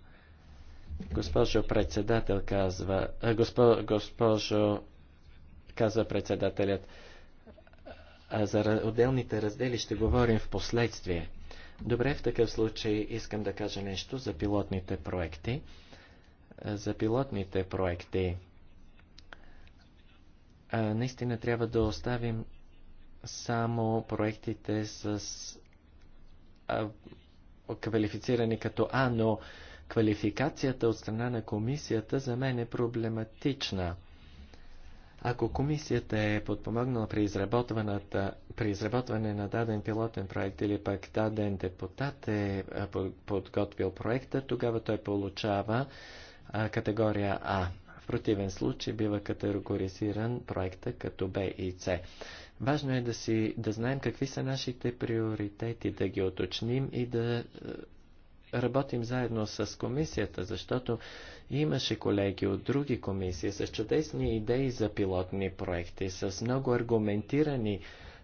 госпожо председател казва, госпо, госпожо казва председателят, а за отделните раздели ще говорим в последствие. Добре, в такъв случай искам да кажа нещо за пилотните проекти. За пилотните проекти наистина трябва да оставим само проектите с а, квалифицирани като А, но квалификацията от страна на комисията за мен е проблематична. Ако комисията е подпомогнала при, при изработване на даден пилотен проект или пък даден депутат е, е подготвил проекта, тогава той получава е, категория А. В противен случай бива категоризиран проекта като Б и С. Важно е да, си, да знаем какви са нашите приоритети, да ги оточним и да е, работим заедно с комисията, защото имаше колеги от други комисии с чудесни идеи за пилотни проекти, с много аргументирани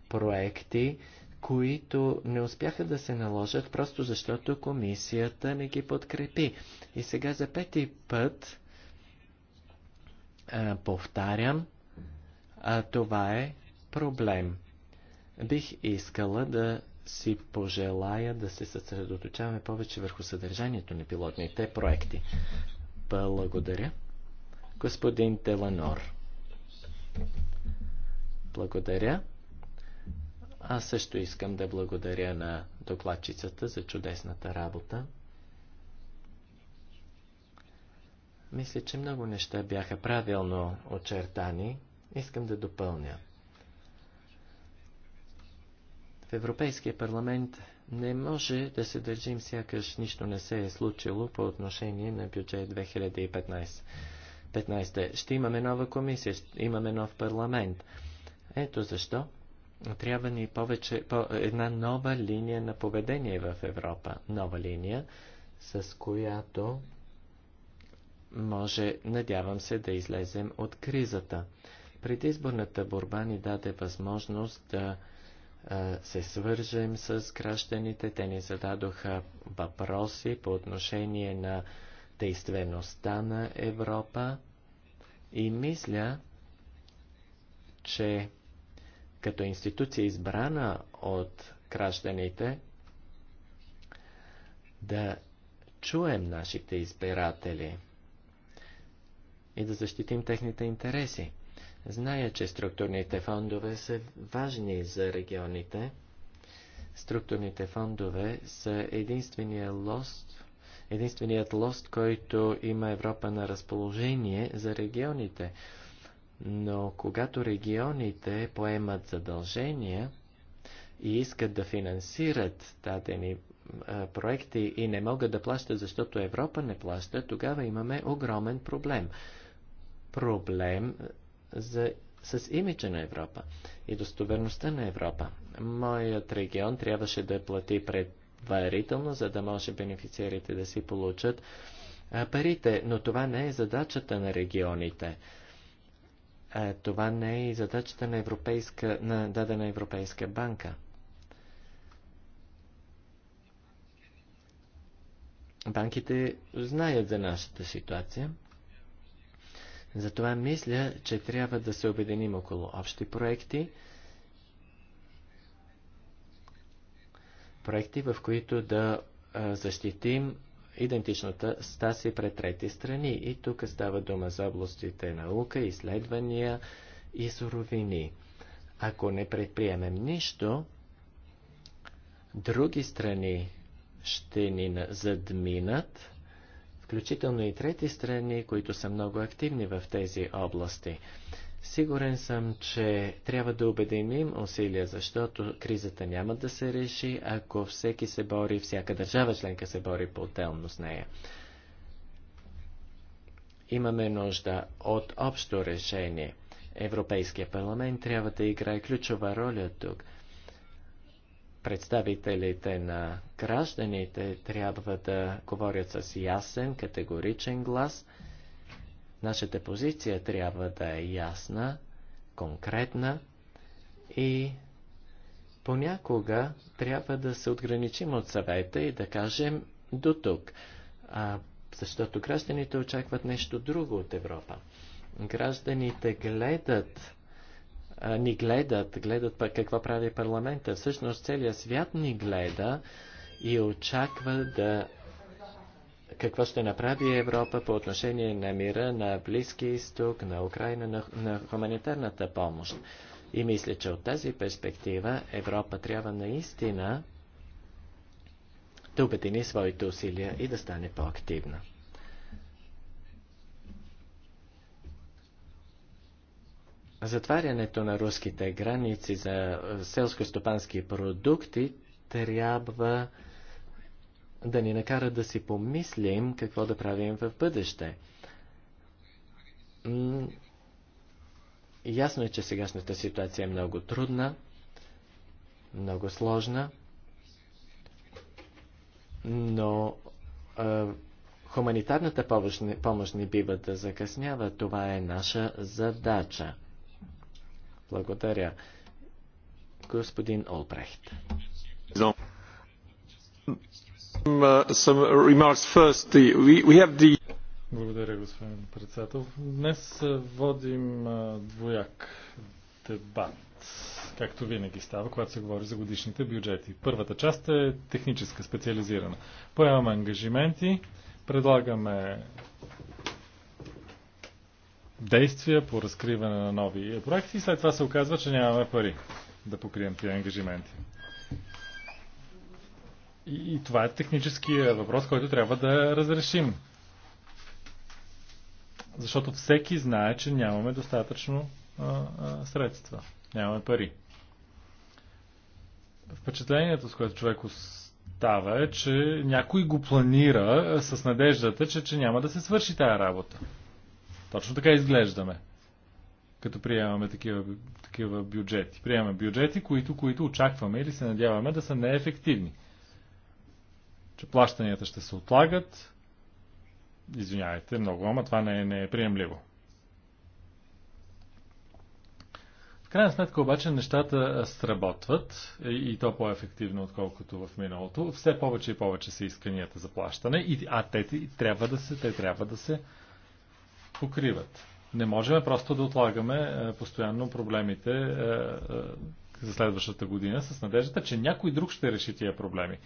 проекти, които не успяха да се наложат, просто защото комисията не ги подкрепи. И сега за пети път а, повтарям, а, това е проблем. Бих искала да си пожелая да се съсредоточаваме повече върху съдържанието на пилотните проекти. Благодаря. Господин Теланор. Благодаря. Аз също искам да благодаря на докладчицата за чудесната работа. Мисля, че много неща бяха правилно очертани. Искам да допълня. В Европейския парламент не може да се държим сякаш нищо не се е случило по отношение на бюджет 2015. 15. Ще имаме нова комисия, ще имаме нов парламент. Ето защо трябва ни повече, по, една нова линия на поведение в Европа. Нова линия, с която може, надявам се, да излезем от кризата. Предизборната борба ни даде възможност да се свържем с гражданите. Те ни зададоха въпроси по отношение на действеността на Европа и мисля, че като институция избрана от гражданите, да чуем нашите избиратели и да защитим техните интереси. Зная, че структурните фондове са важни за регионите. Структурните фондове са единствения лост, единственият лост, който има Европа на разположение за регионите. Но когато регионите поемат задължения и искат да финансират дадени проекти и не могат да плащат, защото Европа не плаща, тогава имаме огромен проблем. Проблем за, с имиджа на Европа и достоверността на Европа. Моят регион трябваше да плати предварително, за да може бенефициерите да си получат парите, но това не е задачата на регионите. Това не е и задачата на, европейска, на дадена европейска банка. Банките знаят за нашата ситуация. Затова мисля, че трябва да се обединим около общи проекти, проекти, в които да защитим идентичната си пред трети страни. И тук става дума за областите наука, изследвания и суровини. Ако не предприемем нищо, други страни ще ни задминат включително и трети страни, които са много активни в тези области. Сигурен съм, че трябва да обединим усилия, защото кризата няма да се реши, ако всеки се бори, всяка държава членка се бори по-отделно с нея. Имаме нужда от общо решение. Европейския парламент трябва да играе ключова роля тук – представителите на гражданите трябва да говорят с ясен, категоричен глас. Нашата позиция трябва да е ясна, конкретна и понякога трябва да се отграничим от съвета и да кажем до тук, а, защото гражданите очакват нещо друго от Европа. Гражданите гледат ни гледат, гледат пък какво прави парламента. Всъщност целият свят ни гледа и очаква да какво ще направи Европа по отношение на мира, на Близки изток, на Украина, на, на хуманитарната помощ. И мисля, че от тази перспектива Европа трябва наистина да обедини своите усилия и да стане по-активна. Затварянето на руските граници за е, селско-стопански продукти трябва да ни накара да си помислим какво да правим в бъдеще. Ясно е, че сегашната ситуация е много трудна, много сложна, но е, хуманитарната помощ, помощ не бива да закъснява. Това е наша задача. Благодаря. Господин Олбрехт. Uh, Благодаря, господин председател. Днес водим двояк дебат, както винаги става, когато се говори за годишните бюджети. Първата част е техническа, специализирана. Поемаме ангажименти, предлагаме действия по разкриване на нови проекти и след това се оказва, че нямаме пари да покрием тия ангажименти. И, и това е техническия въпрос, който трябва да разрешим. Защото всеки знае, че нямаме достатъчно а, а, средства. Нямаме пари. Впечатлението, с което човек остава, е, че някой го планира с надеждата, че, че няма да се свърши тая работа. Точно така изглеждаме, като приемаме такива, такива бюджети. Приемаме бюджети, които, които очакваме или се надяваме да са неефективни. Че плащанията ще се отлагат. Извинявайте много, ама това не е, не е приемливо. В крайна сметка обаче нещата сработват и то по-ефективно, отколкото в миналото. Все повече и повече са исканията за плащане, а те трябва да се, те трябва да се покриват. Не можем просто да отлагаме е, постоянно проблемите е, е, за следващата година с надеждата, че някой друг ще реши тия проблеми.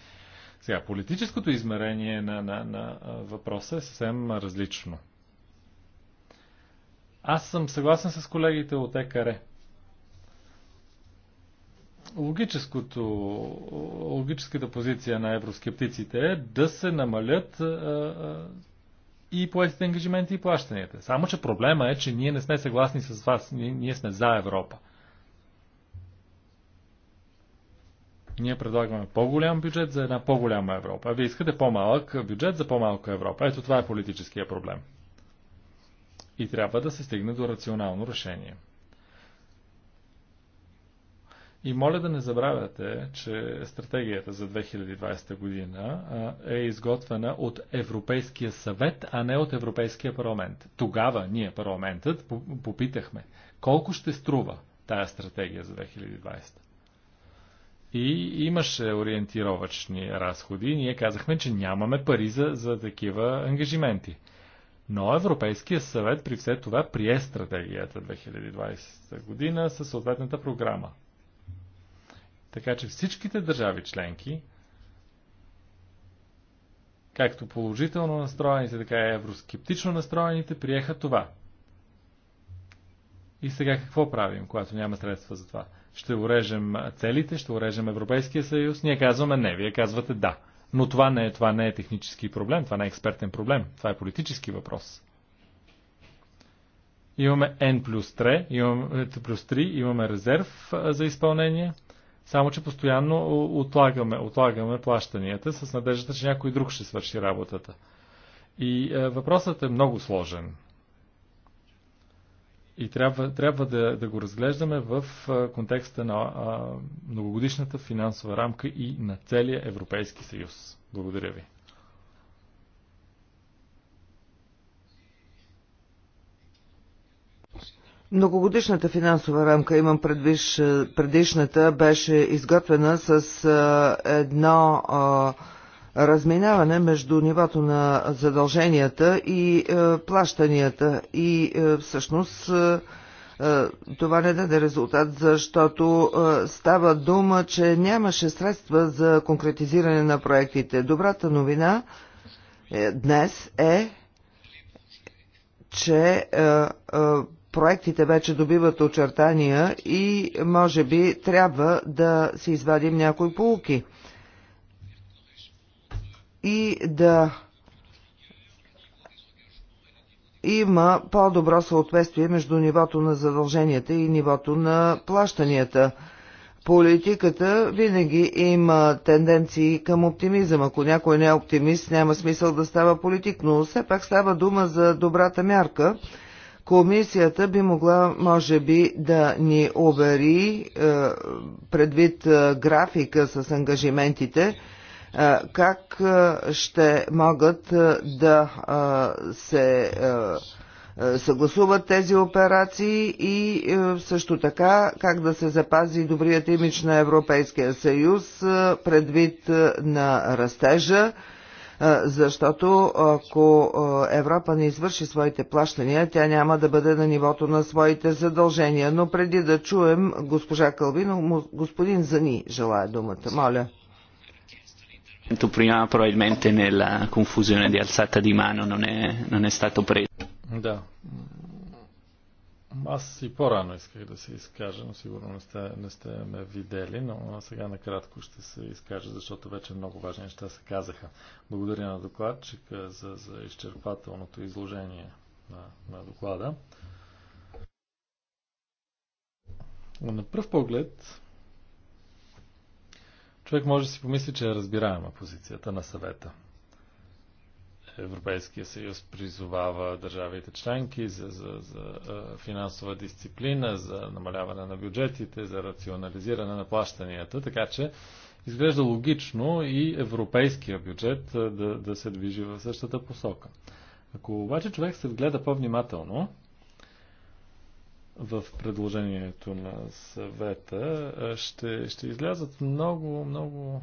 Сега, политическото измерение на, на, на въпроса е съвсем различно. Аз съм съгласен с колегите от Логическото, Логическата позиция на евроскептиците е да се намалят а, а, и поетите ангажименти и плащанията. Само, че проблема е, че ние не сме съгласни с вас. Ние, ние сме за Европа. Ние предлагаме по-голям бюджет за една по-голяма Европа. А вие искате по-малък бюджет за по-малка Европа. Ето това е политическия проблем. И трябва да се стигне до рационално решение. И моля да не забравяте, че стратегията за 2020 година е изготвена от Европейския съвет, а не от Европейския парламент. Тогава ние, парламентът, попитахме колко ще струва тая стратегия за 2020. И имаше ориентировачни разходи. ние казахме, че нямаме пари за, за такива ангажименти. Но Европейския съвет при все това прие стратегията 2020 година със съответната програма. Така че всичките държави членки, както положително настроените, така и евроскептично настроените, приеха това. И сега какво правим, когато няма средства за това? Ще урежем целите, ще урежем Европейския съюз. Ние казваме не, вие казвате да. Но това не е, това не е технически проблем, това не е експертен проблем, това е политически въпрос. Имаме N плюс 3, имаме, плюс 3, имаме резерв за изпълнение. Само, че постоянно отлагаме, отлагаме плащанията с надеждата, че някой друг ще свърши работата. И е, въпросът е много сложен. И трябва, трябва да, да го разглеждаме в е, контекста на а, е, многогодишната финансова рамка и на целия Европейски съюз. Благодаря ви. Многогодишната финансова рамка, имам предвиж, е, предишната, беше изготвена с а, е, едно а, е, разминаване между нивото на задълженията и а, плащанията. И а, всъщност а, това не даде резултат, защото става дума, че нямаше средства за конкретизиране на проектите. Добрата новина днес е, че проектите вече добиват очертания и може би трябва да си извадим някои полуки и да има по-добро съответствие между нивото на задълженията и нивото на плащанията. Политиката винаги има тенденции към оптимизъм. Ако някой не е оптимист, няма смисъл да става политик, но все пак става дума за добрата мярка – Комисията би могла, може би, да ни увери е, предвид е, графика с ангажиментите, е, как ще могат да се съгласуват тези операции и също така как да се запази добрият имидж на Европейския съюз предвид на растежа защото ако Европа не извърши своите плащания, тя няма да бъде на нивото на своите задължения. Но преди да чуем госпожа Калвино, господин Зани желая думата. Моля intervento prima probabilmente nella confusione di alzata di mano non è, non è stato preso. Da. Аз и по-рано исках да се изкажа, но сигурно не сте, не сте ме видели, но сега накратко ще се изкажа, защото вече много важни неща се казаха. Благодаря на докладчика за, за изчерпателното изложение на, на доклада. На пръв поглед, човек може да си помисли, че е разбираема позицията на съвета – Европейския съюз призовава държавите членки за, за, за финансова дисциплина, за намаляване на бюджетите, за рационализиране на плащанията, така че изглежда логично и европейския бюджет да, да се движи в същата посока. Ако обаче човек се вгледа по-внимателно в предложението на съвета, ще, ще излязат много, много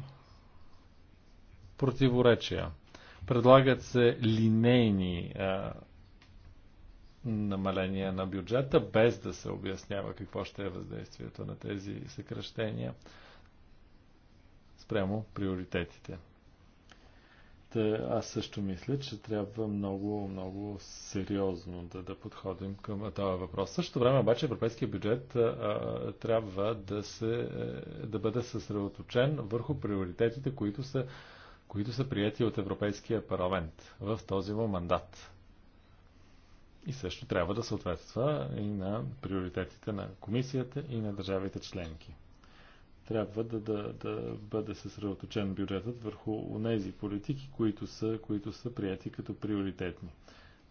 противоречия. Предлагат се линейни а, намаления на бюджета, без да се обяснява какво ще е въздействието на тези съкръщения спрямо приоритетите. Та, аз също мисля, че трябва много, много сериозно да, да подходим към този въпрос. В същото време обаче европейския бюджет а, трябва да, се, е, да бъде съсредоточен върху приоритетите, които са които са прияти от Европейския парламент в този му мандат. И също трябва да съответства и на приоритетите на комисията и на държавите членки. Трябва да, да, да бъде съсредоточен бюджетът върху тези политики, които са, които са прияти като приоритетни.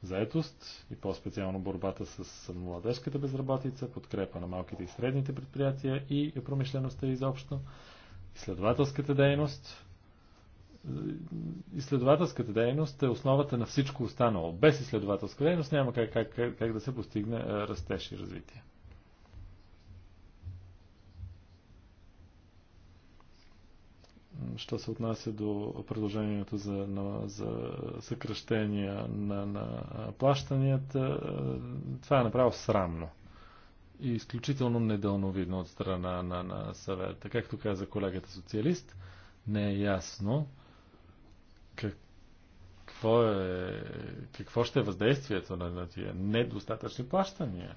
Заетост и по-специално борбата с младежката безработица, подкрепа на малките и средните предприятия и промишлеността изобщо, изследователската дейност – изследователската дейност е основата на всичко останало. Без изследователска дейност няма как, как, как, да се постигне растеж и развитие. Що се отнася до предложението за, на, за съкръщения на, на плащанията, това е направо срамно и изключително недълновидно от страна на, на съвета. Както каза колегата социалист, не е ясно какво, е, какво ще е въздействието на, на тия недостатъчни плащания?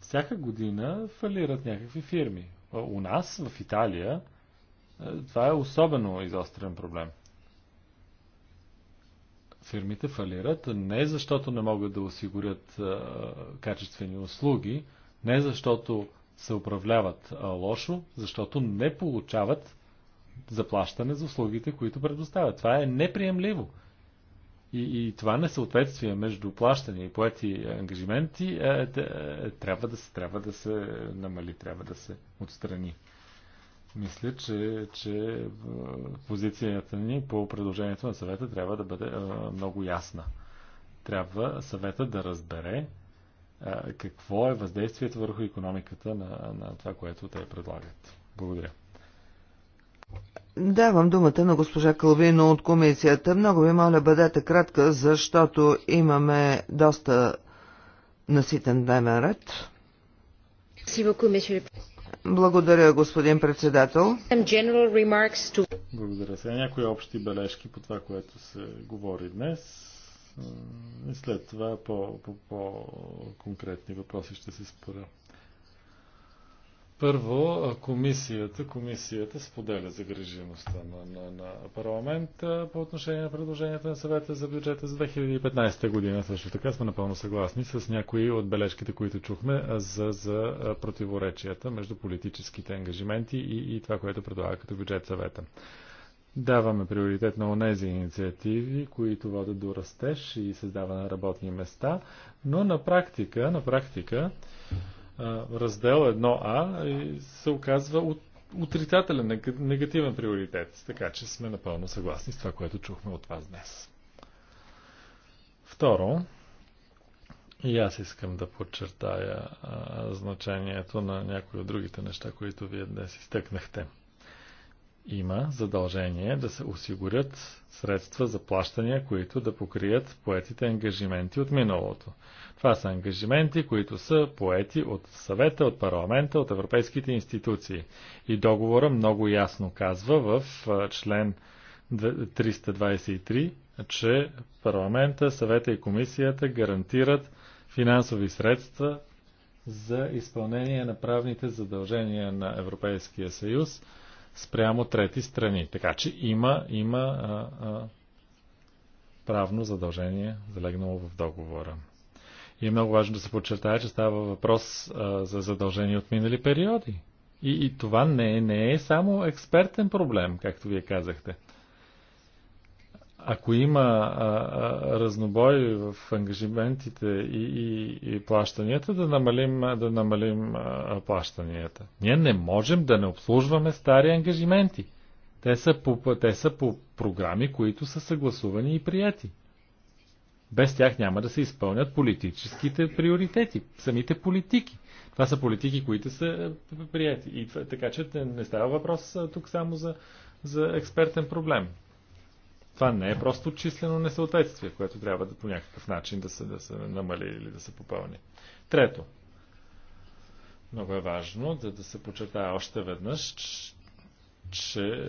Всяка година фалират някакви фирми. У нас, в Италия, е, това е особено изострен проблем. Фирмите фалират не защото не могат да осигурят а, е, качествени услуги, не защото се управляват а, е, лошо, защото не получават заплащане за услугите, които предоставят. Това е неприемливо. И, и това несъответствие между плащане и поети ангажименти е, е, е, трябва, да се, трябва да се намали, трябва да се отстрани. Мисля, че, че е, позицията ни по предложението на съвета трябва да бъде е, много ясна. Трябва съвета да разбере е, какво е въздействието върху економиката на, на това, което те предлагат. Благодаря. Давам думата на госпожа Калвино от комисията. Много ви моля, бъдете кратка, защото имаме доста наситен дневен ред. Благодаря, господин председател. Благодаря. Сега някои общи бележки по това, което се говори днес. И след това по, по, по конкретни въпроси ще се споря. Първо, комисията, комисията споделя загрижеността на, на, на парламента по отношение на предложението на съвета за бюджета за 2015 година. Също така сме напълно съгласни с някои от бележките, които чухме за, за противоречията между политическите ангажименти и, и това, което предлага като бюджет съвета. Даваме приоритет на онези инициативи, които водят до растеж и създаване на работни места, но на практика, на практика, раздел 1А и се оказва от отрицателен, негативен приоритет. Така че сме напълно съгласни с това, което чухме от вас днес. Второ, и аз искам да подчертая а, значението на някои от другите неща, които вие днес изтъкнахте има задължение да се осигурят средства за плащания, които да покрият поетите ангажименти от миналото. Това са ангажименти, които са поети от съвета, от парламента, от европейските институции. И договора много ясно казва в член 323, че парламента, съвета и комисията гарантират финансови средства за изпълнение на правните задължения на Европейския съюз – спрямо трети страни. Така че има, има а, а, правно задължение, залегнало в договора. И е много важно да се подчертая, че става въпрос а, за задължения от минали периоди. И, и това не е, не е само експертен проблем, както вие казахте ако има а, а, разнобой в ангажиментите и, и, и плащанията, да намалим, да намалим а, плащанията. Ние не можем да не обслужваме стари ангажименти. Те са по, те са по програми, които са съгласувани и прияти. Без тях няма да се изпълнят политическите приоритети, самите политики. Това са политики, които са прияти. И така че не става въпрос тук само за, за експертен проблем. Това не е просто числено несъответствие, което трябва да по някакъв начин да се, да се намали или да се попълни. Трето. Много е важно да, да се почертая още веднъж, че е,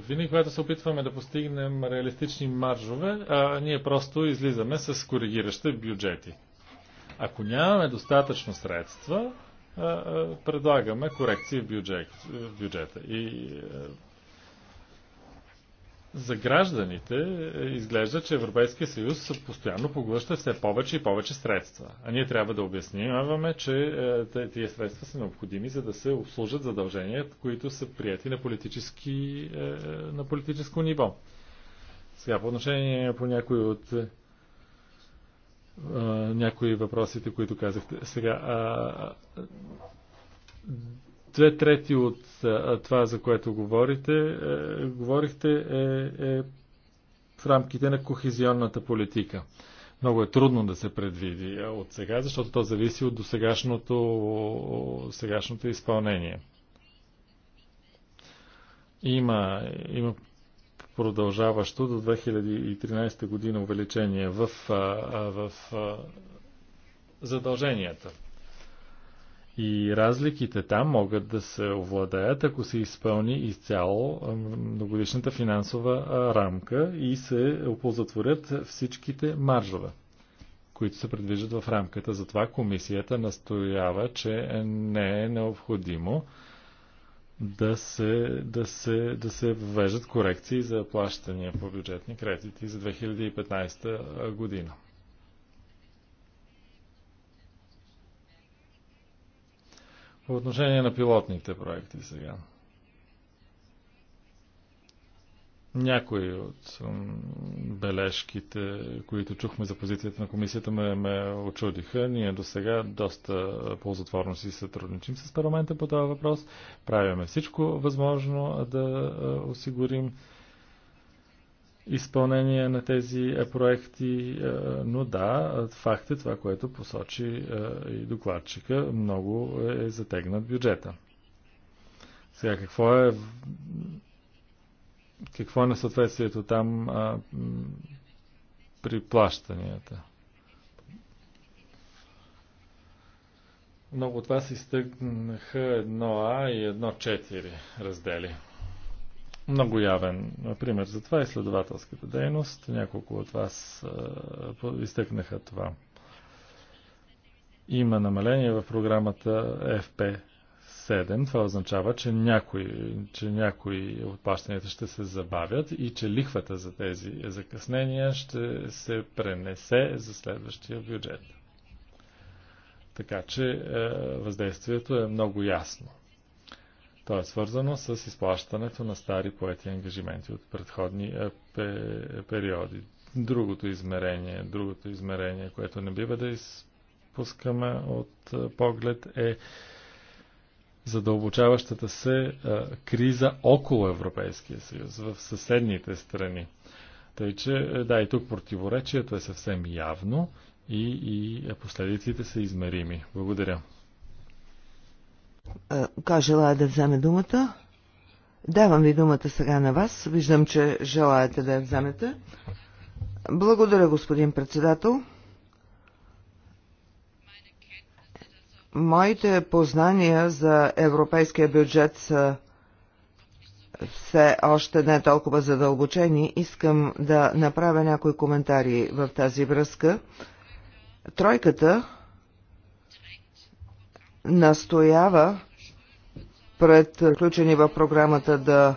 винаги, когато се опитваме да постигнем реалистични маржове, а, ние просто излизаме с коригиращи бюджети. Ако нямаме достатъчно средства, предлагаме корекции в, бюджет, в бюджета. И е, за гражданите е, изглежда, че Европейския съюз постоянно поглъща все повече и повече средства. А ние трябва да обясняваме, че е, тия средства са необходими, за да се обслужат задължения, които са прияти на, политически, е, на политическо ниво. Сега по отношение по някои от някои въпросите, които казахте. Сега, а, Две трети от това, за което говорите, е, говорихте, е, е в рамките на кохезионната политика. Много е трудно да се предвиди от сега, защото то зависи от досегашното сегашното изпълнение. Има, има продължаващо до 2013 година увеличение в, в задълженията. И разликите там могат да се овладеят, ако се изпълни изцяло многодишната финансова рамка и се оползатворят всичките маржове, които се предвиждат в рамката. Затова комисията настоява, че не е необходимо да се, да се, да се въвеждат корекции за плащания по бюджетни кредити за 2015 година. По отношение на пилотните проекти сега. Някои от бележките, които чухме за позицията на комисията, ме, ме очудиха. Ние до сега доста ползотворно си сътрудничим с парламента по този въпрос. Правяме всичко възможно да осигурим изпълнение на тези е, проекти, е, но да, факт е това, което посочи е, и докладчика, много е затегнат бюджета. Сега, какво е, какво е на съответствието там а, при плащанията? Много от вас изтъкнаха едно а и едно 4 раздели. Много явен пример за това е следователската дейност. Няколко от вас изтъкнаха това. Има намаление в програмата FP 7, това означава, че някои, че някои от плащанията ще се забавят и че лихвата за тези закъснения ще се пренесе за следващия бюджет. Така че въздействието е много ясно. То е свързано с изплащането на стари поети ангажименти от предходни е, периоди. Другото измерение, другото измерение, което не бива да изпускаме от е, поглед е задълбочаващата се е, криза около Европейския съюз, в съседните страни. Тъй, че да, и тук противоречието е съвсем явно и, и последиците са измерими. Благодаря. Е, кой желая да вземе думата? Давам ви думата сега на вас. Виждам, че желаете да я вземете. Благодаря, господин председател. Моите познания за европейския бюджет са все още не толкова задълбочени. Искам да направя някои коментари в тази връзка. Тройката настоява пред включени в програмата да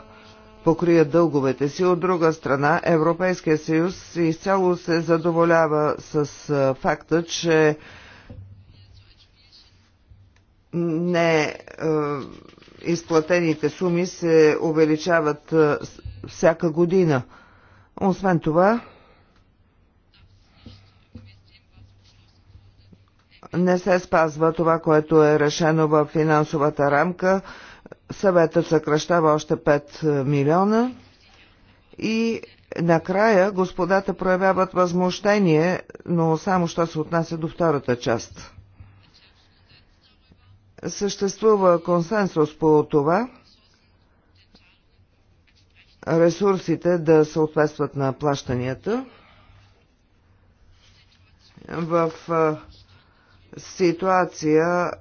покрият дълговете си. От друга страна, Европейския съюз изцяло се задоволява с факта, че не е, изплатените суми се увеличават всяка година. Освен това, не се спазва това, което е решено в финансовата рамка. Съветът съкръщава още 5 е, милиона и накрая господата проявяват възмущение, но само що се отнася до втората част. Съществува консенсус по това ресурсите да съответстват на плащанията. В е, ситуация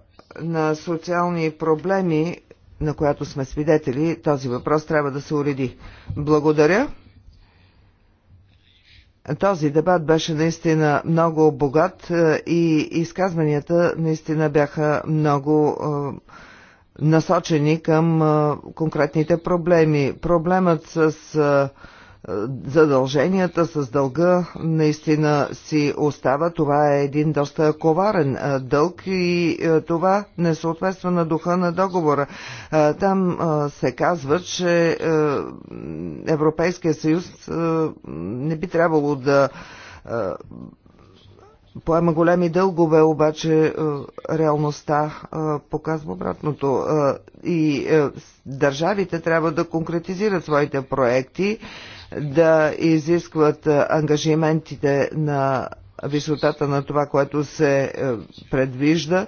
на социални проблеми, на която сме свидетели, този въпрос трябва да се уреди. Благодаря. Този дебат беше наистина много богат е, и изказванията наистина бяха много е, насочени към е, конкретните проблеми. Проблемът с задълженията с дълга наистина си остава. Това е един доста коварен дълг и това не съответства на духа на договора. Там се казва, че Европейския съюз не би трябвало да поема големи дългове, обаче реалността показва обратното. И държавите трябва да конкретизират своите проекти да изискват ангажиментите на висотата на това, което се е, предвижда,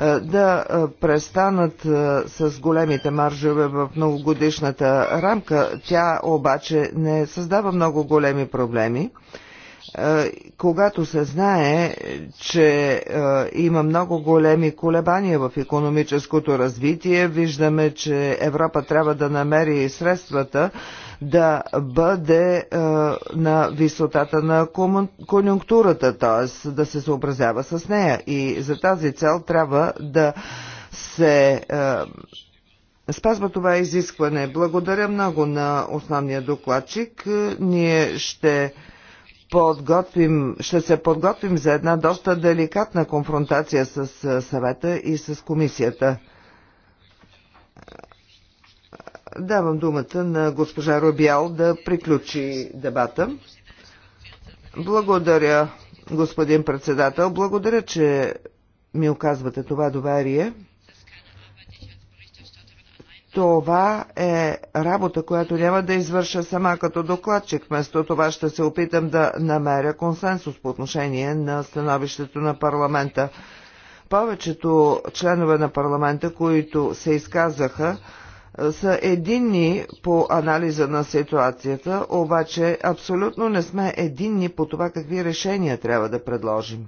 е, да е, престанат с големите маржове в многогодишната рамка. Тя обаче не създава много големи проблеми когато се знае, че има много големи колебания в економическото развитие, виждаме, че Европа трябва да намери средствата да бъде е, на висотата на конюнктурата, т.е. да се съобразява с нея. И за тази цел трябва да се е, спазва това изискване. Благодаря много на основния докладчик. Ние ще подготвим, ще се подготвим за една доста деликатна конфронтация с е, съвета и с комисията. Давам думата на госпожа Робял да приключи дебата. Благодаря, господин председател. Благодаря, че ми оказвате това доверие. Това е работа, която няма да извърша сама като докладчик. Вместо това ще се опитам да намеря консенсус по отношение на становището на парламента. Повечето членове на парламента, които се изказаха, са единни по анализа на ситуацията, обаче абсолютно не сме единни по това какви решения трябва да предложим.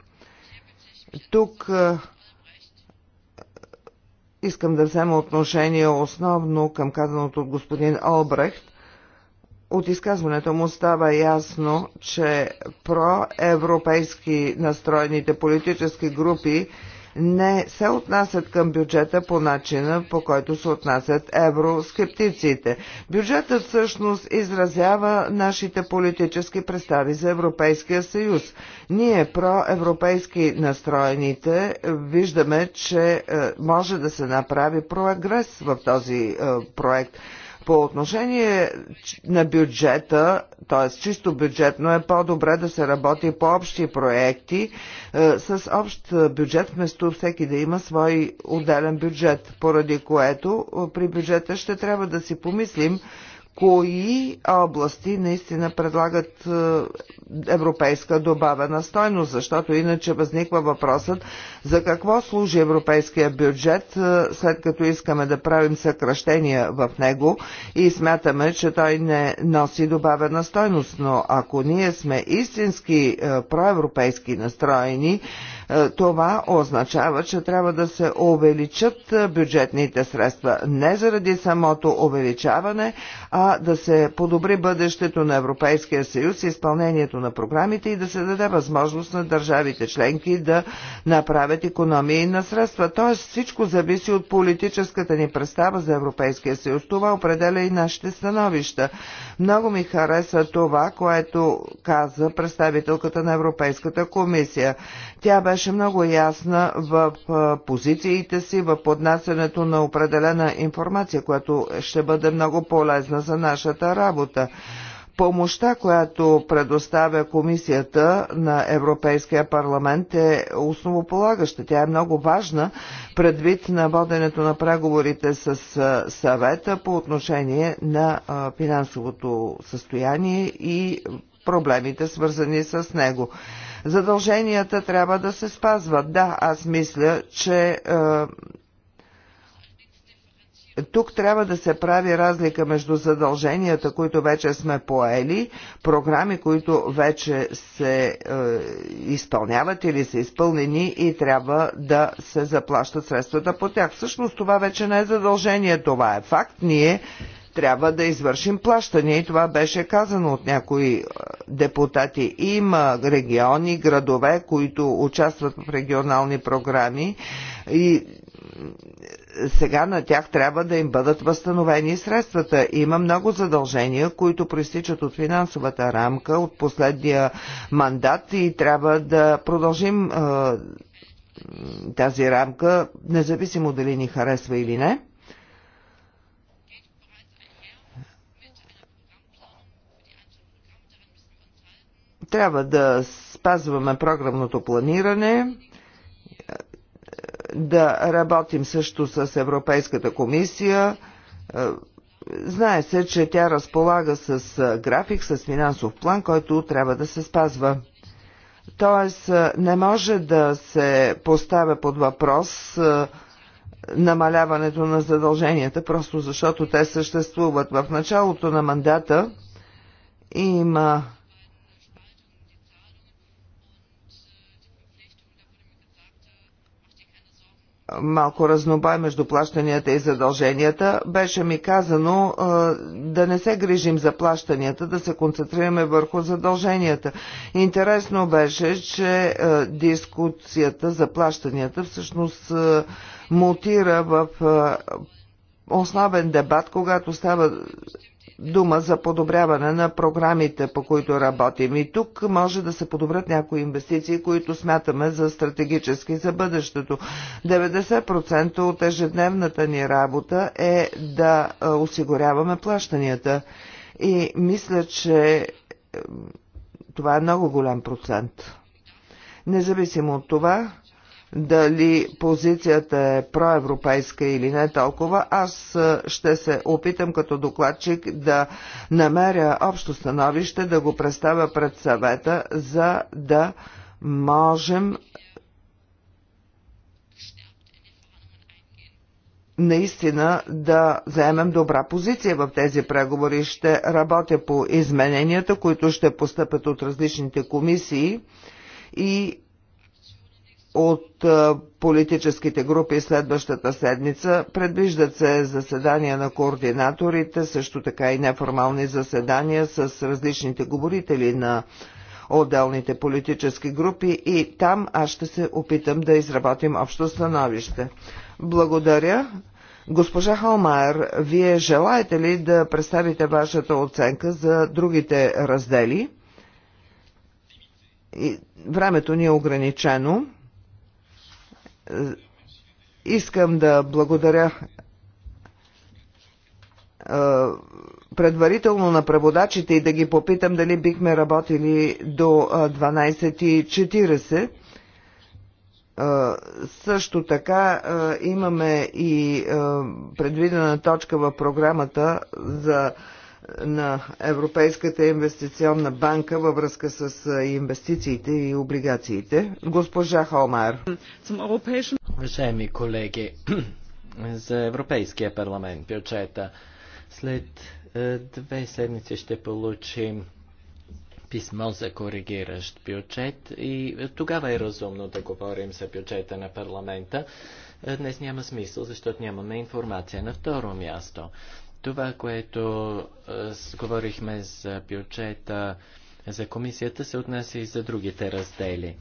Тук е, искам да взема отношение основно към казаното от господин Олбрехт. От изказването му става ясно, че проевропейски настроените политически групи не се отнасят към бюджета по начина, по който се отнасят евроскептиците. Бюджетът всъщност изразява нашите политически представи за Европейския съюз. Ние, проевропейски настроените, виждаме, че е, може да се направи прогрес в този е, проект. По отношение на бюджета, т.е. чисто бюджетно е по-добре да се работи по общи проекти е, с общ бюджет, вместо всеки да има свой отделен бюджет, поради което е, при бюджета ще трябва да си помислим кои области наистина предлагат е, европейска добавена стойност, защото иначе възниква въпросът за какво служи европейския бюджет, е, след като искаме да правим съкръщения в него и смятаме, че той не носи добавена стойност. Но ако ние сме истински е, проевропейски настроени, е, това означава, че трябва да се увеличат е, бюджетните средства не заради самото увеличаване, а да се подобри бъдещето на Европейския съюз, изпълнението на програмите и да се даде възможност на държавите членки да направят економии на средства. Тоест всичко зависи от политическата ни представа за Европейския съюз. Това определя и нашите становища. Много ми хареса това, което каза представителката на Европейската комисия. Тя беше много ясна в позициите си, в поднасянето на определена информация, която ще бъде много полезна за нашата работа. Помощта, която предоставя Комисията на Европейския парламент е основополагаща. Тя е много важна предвид на воденето на преговорите с съвета по отношение на финансовото състояние и проблемите свързани с него. Задълженията трябва да се спазват. Да, аз мисля, че е, тук трябва да се прави разлика между задълженията, които вече сме поели, програми, които вече се е, изпълняват или са изпълнени и трябва да се заплащат средствата по тях. Всъщност това вече не е задължение, това е факт. Ние трябва да извършим плащания и това беше казано от някои е, депутати. Има региони, градове, които участват в регионални програми и сега на тях трябва да им бъдат възстановени средствата. Има много задължения, които проистичат от финансовата рамка, от последния мандат и трябва да продължим е, тази рамка, независимо дали ни харесва или не. Трябва да спазваме програмното планиране, да работим също с Европейската комисия. Знае се, че тя разполага с график, с финансов план, който трябва да се спазва. Тоест, не може да се поставя под въпрос намаляването на задълженията, просто защото те съществуват. В началото на мандата има малко разнобай между плащанията и задълженията. Беше ми казано да не се грижим за плащанията, да се концентрираме върху задълженията. Интересно беше, че дискуцията за плащанията всъщност мутира в основен дебат, когато става дума за подобряване на програмите, по които работим. И тук може да се подобрят някои инвестиции, които смятаме за стратегически за бъдещето. 90% от ежедневната ни работа е да осигуряваме плащанията. И мисля, че това е много голям процент. Независимо от това, дали позицията е проевропейска или не толкова, аз ще се опитам като докладчик да намеря общо становище, да го представя пред съвета, за да можем наистина да заемем добра позиция в тези преговори. Ще работя по измененията, които ще постъпят от различните комисии и от политическите групи следващата седмица. Предвиждат се заседания на координаторите, също така и неформални заседания с различните говорители на отделните политически групи и там аз ще се опитам да изработим общо становище. Благодаря. Госпожа Халмайер, вие желаете ли да представите вашата оценка за другите раздели? И времето ни е ограничено. Е, искам да благодаря е, предварително на преводачите и да ги попитам дали бихме работили до 12.40. Е, също така имаме и предвидена точка в програмата за на Европейската инвестиционна банка във връзка с инвестициите и облигациите. Госпожа Холмар. Уважаеми колеги, за Европейския парламент бюджета след две седмици ще получим писмо за коригиращ бюджет и тогава е разумно да говорим за бюджета на парламента. Днес няма смисъл, защото нямаме информация. На второ място, това, което е, говорихме за бюджета, за комисията, се отнася и за другите раздели.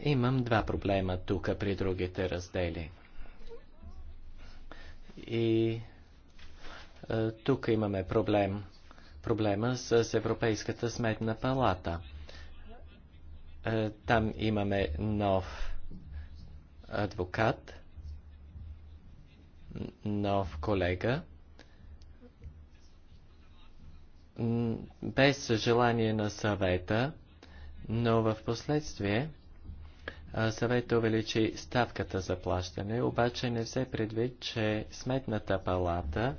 Имам два проблема тук при другите раздели. И е, тук имаме проблем. Проблема с Европейската сметна палата. Е, там имаме нов адвокат, нов колега. без желание на съвета, но в последствие съвета увеличи ставката за плащане, обаче не се предвид, че сметната палата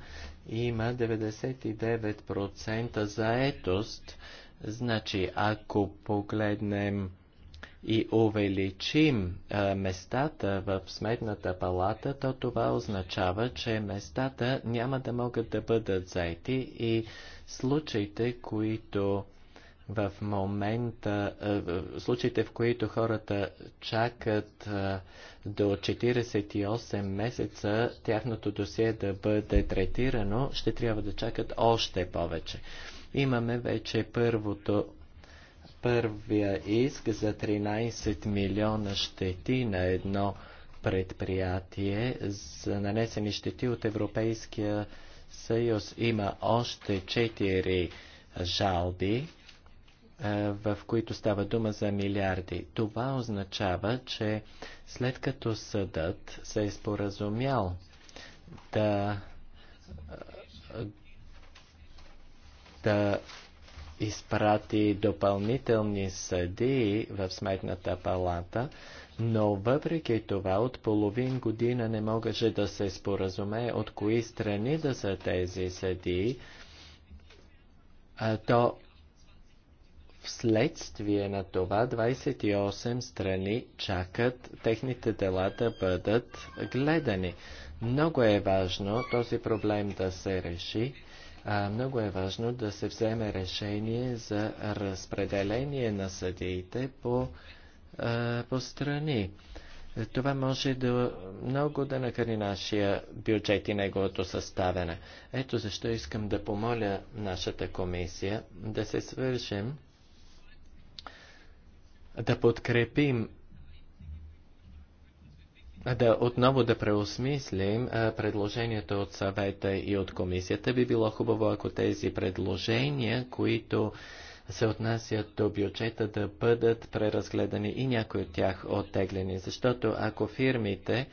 има 99% заетост. Значи, ако погледнем и увеличим а, местата в сметната палата, то това означава, че местата няма да могат да бъдат заети и случаите, които в момента, случаите в които хората чакат до 48 месеца тяхното досие да бъде третирано, ще трябва да чакат още повече. Имаме вече първото първия иск за 13 милиона щети на едно предприятие за нанесени щети от Европейския съюз. Има още четири жалби, е, в които става дума за милиарди. Това означава, че след като съдът се е споразумял да е, да изпрати допълнителни съдии в Сметната палата, но въпреки това от половин година не могаше да се споразуме от кои страни да са тези съдии, а то вследствие на това 28 страни чакат техните дела да бъдат гледани. Много е важно този проблем да се реши много е важно да се вземе решение за разпределение на съдиите по, по страни. Това може да много да накани нашия бюджет и неговото съставяне. Ето защо искам да помоля нашата комисия да се свържем, да подкрепим да отново да преосмислим предложението от съвета и от комисията. Би било хубаво, ако тези предложения, които се отнасят до бюджета, да бъдат преразгледани и някои от тях оттеглени. Защото ако фирмите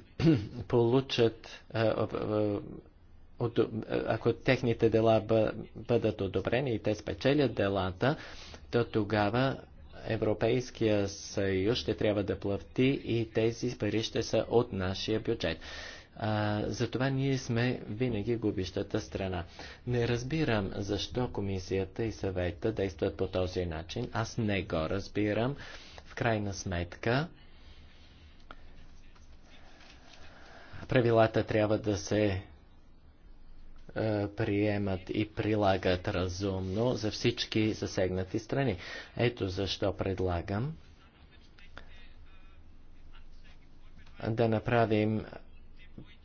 получат, ако техните дела бъдат одобрени и те спечелят делата, то тогава Европейския съюз ще трябва да плати и тези пари ще са от нашия бюджет. А, затова ние сме винаги губищата страна. Не разбирам защо комисията и съвета действат по този начин. Аз не го разбирам. В крайна сметка, правилата трябва да се е, приемат и прилагат разумно за всички засегнати страни. Ето защо предлагам да направим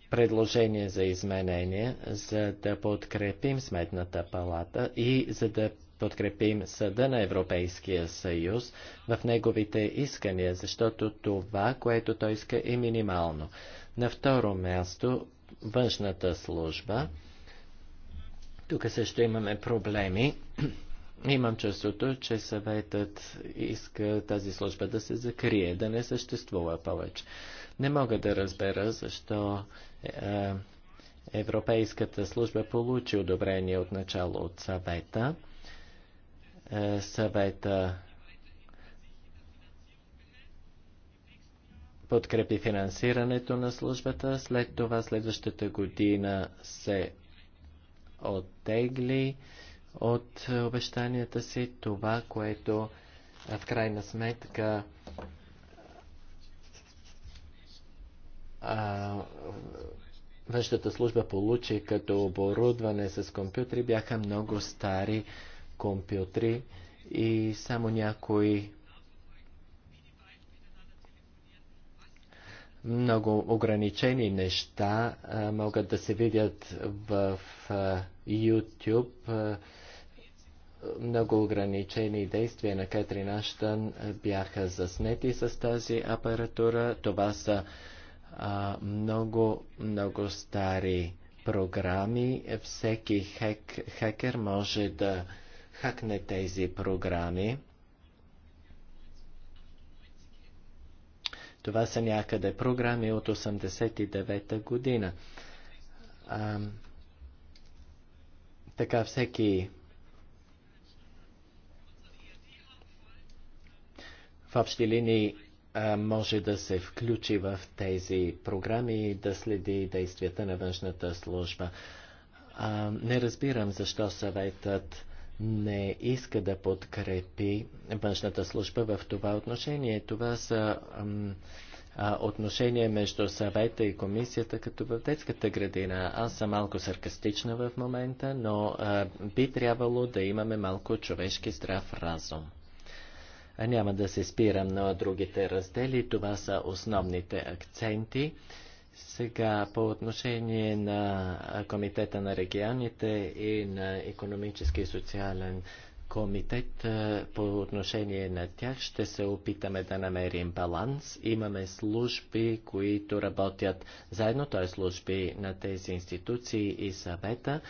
предложение за изменение, за да подкрепим Сметната палата и за да подкрепим Съда на Европейския съюз в неговите искания, защото това, което той иска е минимално. На второ място, външната служба – тук също имаме проблеми. Имам чувството, че съветът иска тази служба да се закрие, да не съществува повече. Не мога да разбера защо е, Европейската служба получи одобрение от начало от съвета. Е, съвета подкрепи финансирането на службата, след това следващата година се оттегли от обещанията си това, което в крайна сметка външната служба получи като оборудване с компютри бяха много стари компютри и само някои много ограничени неща а, могат да се видят в а, YouTube много ограничени действия на Кетрин Аштън бяха заснети с тази апаратура. Това са а, много, много стари програми. Всеки хек, хекер може да хакне тези програми. Това са някъде програми от 89-та година. А, така всеки в общи линии може да се включи в тези програми и да следи действията на външната служба. А, не разбирам защо съветът не иска да подкрепи външната служба в това отношение. Това са ам, а, отношение между съвета и комисията като в детската градина. Аз съм малко саркастична в момента, но а, би трябвало да имаме малко човешки здрав разум. А няма да се спирам на другите раздели, това са основните акценти. Сега по отношение на Комитета на регионите и на економически и социален комитет е, по отношение на тях ще се опитаме да намерим баланс. Имаме служби, които работят заедно, т.е. служби на тези институции и съвета.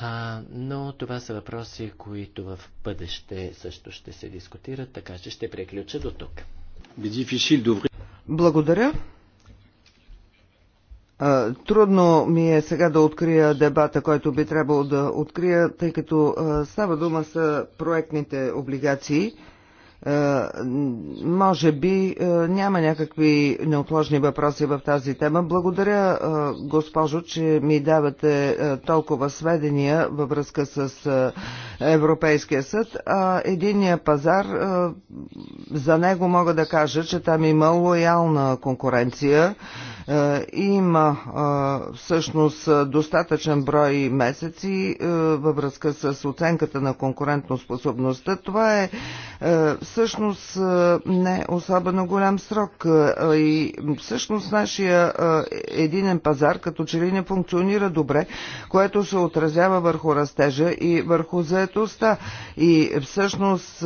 А, но това са въпроси, които в бъдеще също ще се дискутират, така че ще приключа до тук. Благодаря. Трудно ми е сега да открия дебата, който би трябвало да открия, тъй като става дума са проектните облигации. Може би няма някакви неотложни въпроси в тази тема. Благодаря, госпожо, че ми давате толкова сведения във връзка с Европейския съд. а Единия пазар, за него мога да кажа, че там има лоялна конкуренция е, има е, всъщност достатъчен брой месеци е, във връзка с оценката на конкурентоспособността. Това е всъщност не особено голям срок и всъщност нашия единен пазар като че ли не функционира добре, което се отразява върху растежа и върху заетостта. И всъщност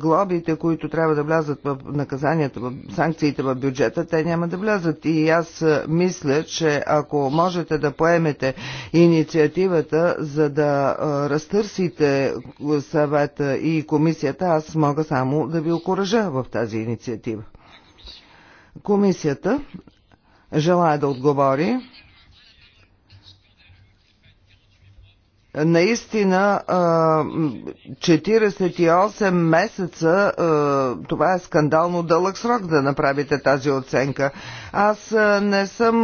глобите, които трябва да влязат в наказанията, в санкциите в бюджета, те няма да влязат. И аз аз мисля, че ако можете да поемете инициативата, за да разтърсите съвета и комисията, аз мога само да ви окоръжа в тази инициатива. Комисията желая да отговори. Наистина 48 месеца това е скандално дълъг срок да направите тази оценка. Аз не съм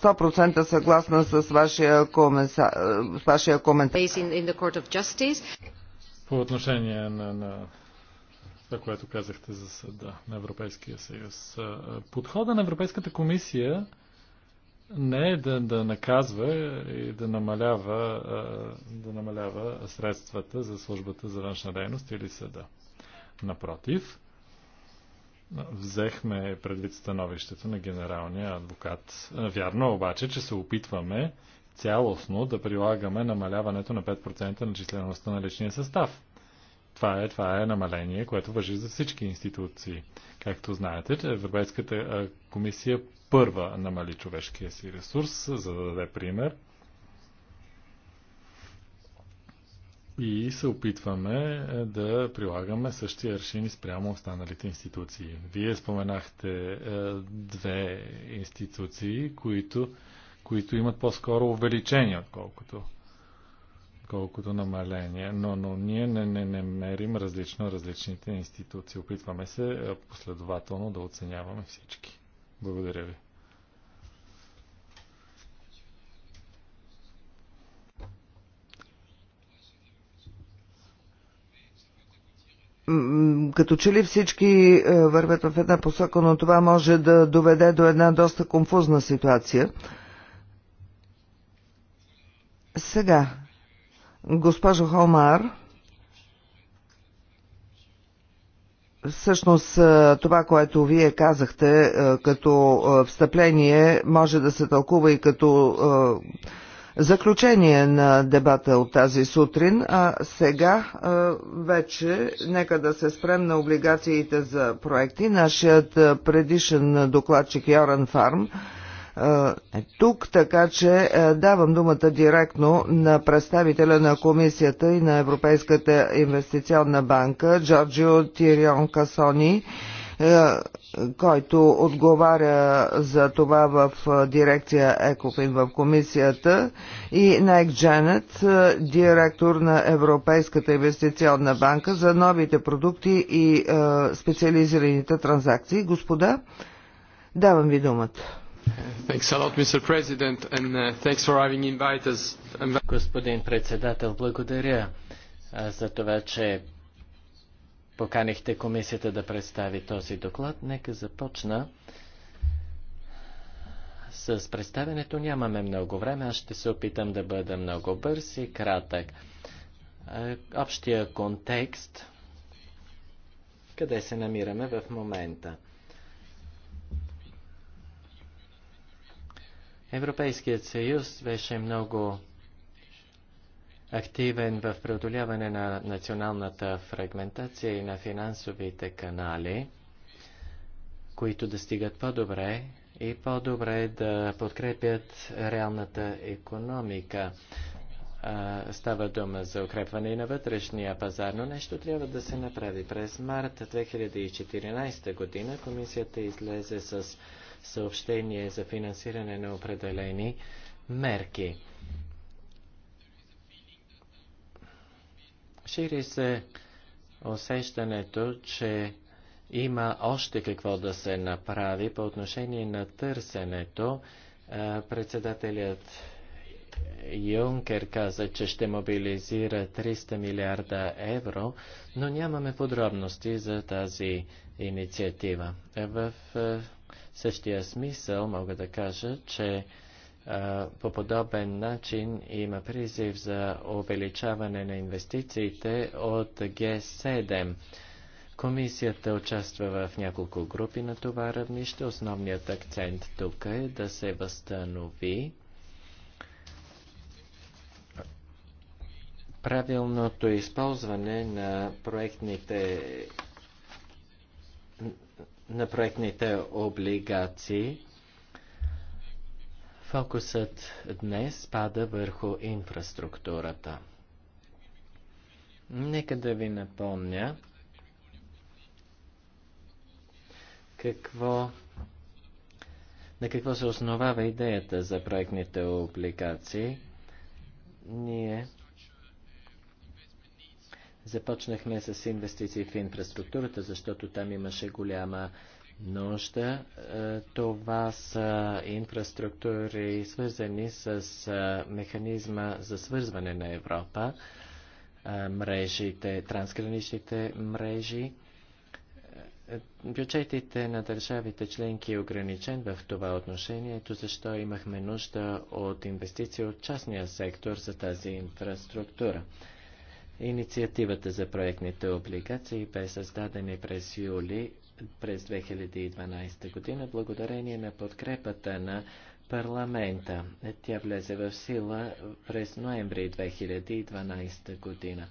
100% съгласна с вашия, комеса, с вашия коментар. По отношение на, на това, което казахте за съда на Европейския съюз. Подхода на Европейската комисия не е да, да наказва и да намалява, да намалява средствата за службата за външна дейност или съда. Напротив, взехме предвид становището на генералния адвокат. Вярно е обаче, че се опитваме цялостно да прилагаме намаляването на 5% на числеността на личния състав. Това е, това е намаление, което въжи за всички институции. Както знаете, че Европейската комисия първа намали човешкия си ресурс, за да даде пример. И се опитваме да прилагаме същия аршин спрямо останалите институции. Вие споменахте две институции, които, които имат по-скоро увеличение, отколкото Колкото намаление. Но, но ние не, не, не мерим различно различните институции. Опитваме се е, последователно да оценяваме всички. Благодаря ви. като че ли всички е, вървят в една посока, но това може да доведе до една доста конфузна ситуация. Сега, Госпожо Холмар, Всъщност това, което вие казахте като встъпление, може да се тълкува и като заключение на дебата от тази сутрин. А сега вече нека да се спрем на облигациите за проекти. Нашият предишен докладчик е Йоран Фарм е тук, така че е, давам думата директно на представителя на комисията и на Европейската инвестиционна банка Джорджио Тирион Касони е, който отговаря за това в е, дирекция ЕКОФИН в комисията и Найк Дженет, директор на Европейската инвестиционна банка за новите продукти и специализираните транзакции. Господа, давам ви думата. Uh, Господин председател, благодаря за това, че поканихте комисията да представи този доклад. Нека започна с представенето. Нямаме много време. Аз ще се опитам да бъда много бърз и кратък. Общия контекст, къде се намираме в момента. Европейският съюз беше много активен в преодоляване на националната фрагментация и на финансовите канали, които да стигат по-добре и по-добре да подкрепят реалната економика. Става дума за укрепване и на вътрешния пазар, но нещо трябва да се направи. През март 2014 година комисията излезе с съобщение за финансиране на определени мерки. Шири се усещането, че има още какво да се направи по отношение на търсенето. Председателят Юнкер каза, че ще мобилизира 300 милиарда евро, но нямаме подробности за тази инициатива. В същия смисъл мога да кажа, че по подобен начин има призив за увеличаване на инвестициите от Г7. Комисията участва в няколко групи на това равнище. Основният акцент тук е да се възстанови правилното използване на проектните на проектните облигации. Фокусът днес пада върху инфраструктурата. Нека да ви напомня какво, на какво се основава идеята за проектните облигации. Ние Започнахме с инвестиции в инфраструктурата, защото там имаше голяма нужда. Е, това са инфраструктури, свързани с е, механизма за свързване на Европа, е, мрежите, трансграничните мрежи. Бюджетите на държавите членки е ограничен в това отношение, ето защо имахме нужда от инвестиции от частния сектор за тази инфраструктура. Инициативата за проектните облигации бе създадена през юли през 2012 година благодарение на подкрепата на парламента. Тя влезе в сила през ноември 2012 година.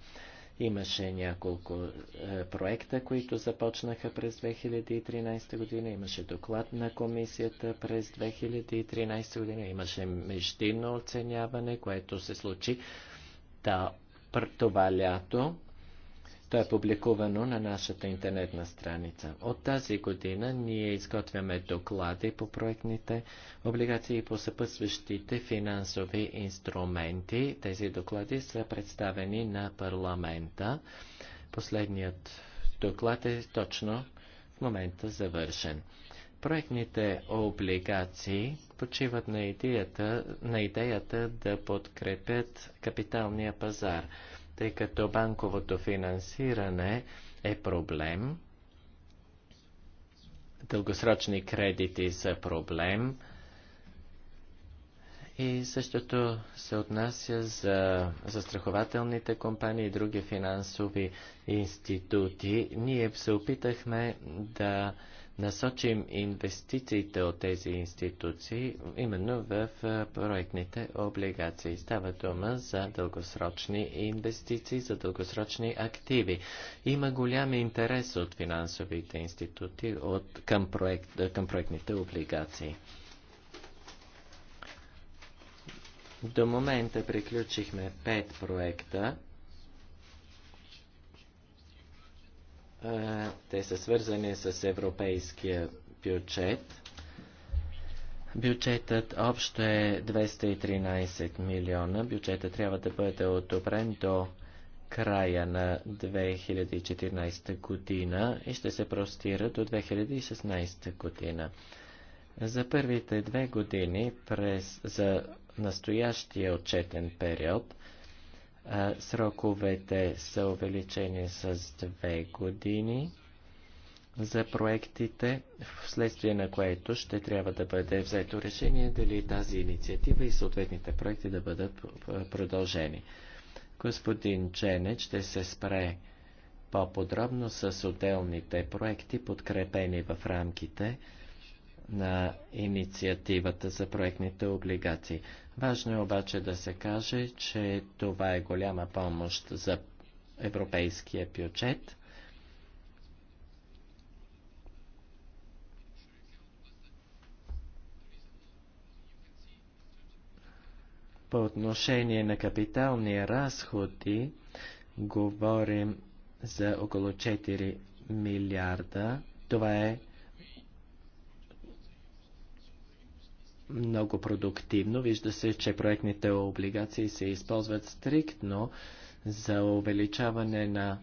Имаше няколко е, проекта, които започнаха през 2013 година. Имаше доклад на комисията през 2013 година. Имаше междинно оценяване, което се случи да, това лято. То е публикувано на нашата интернетна страница. От тази година ние изготвяме доклади по проектните облигации и по съпътстващите финансови инструменти. Тези доклади са представени на парламента. Последният доклад е точно в момента завършен. Проектните облигации почиват на идеята, на идеята да подкрепят капиталния пазар, тъй като банковото финансиране е проблем, дългосрочни кредити са проблем и същото се отнася за застрахователните компании и други финансови институти. Ние се опитахме да насочим инвестициите от тези институции именно в проектните облигации. Става дума за дългосрочни инвестиции, за дългосрочни активи. Има голям интерес от финансовите институти от, към, проект, към проектните облигации. До момента приключихме пет проекта Те са свързани с европейския бюджет. Бюджетът общо е 213 милиона. Бюджетът трябва да бъде одобрен до края на 2014 година и ще се простира до 2016 година. За първите две години през, за настоящия отчетен период – Сроковете са увеличени с две години за проектите, вследствие на което ще трябва да бъде взето решение дали тази инициатива и съответните проекти да бъдат продължени. Господин Ченеч ще се спре по-подробно с отделните проекти, подкрепени в рамките на инициативата за проектните облигации. Важно е обаче да се каже, че това е голяма помощ за европейския бюджет. По отношение на капитални разходи, говорим за около 4 милиарда. Това е много продуктивно. Вижда се, че проектните облигации се използват стриктно за увеличаване на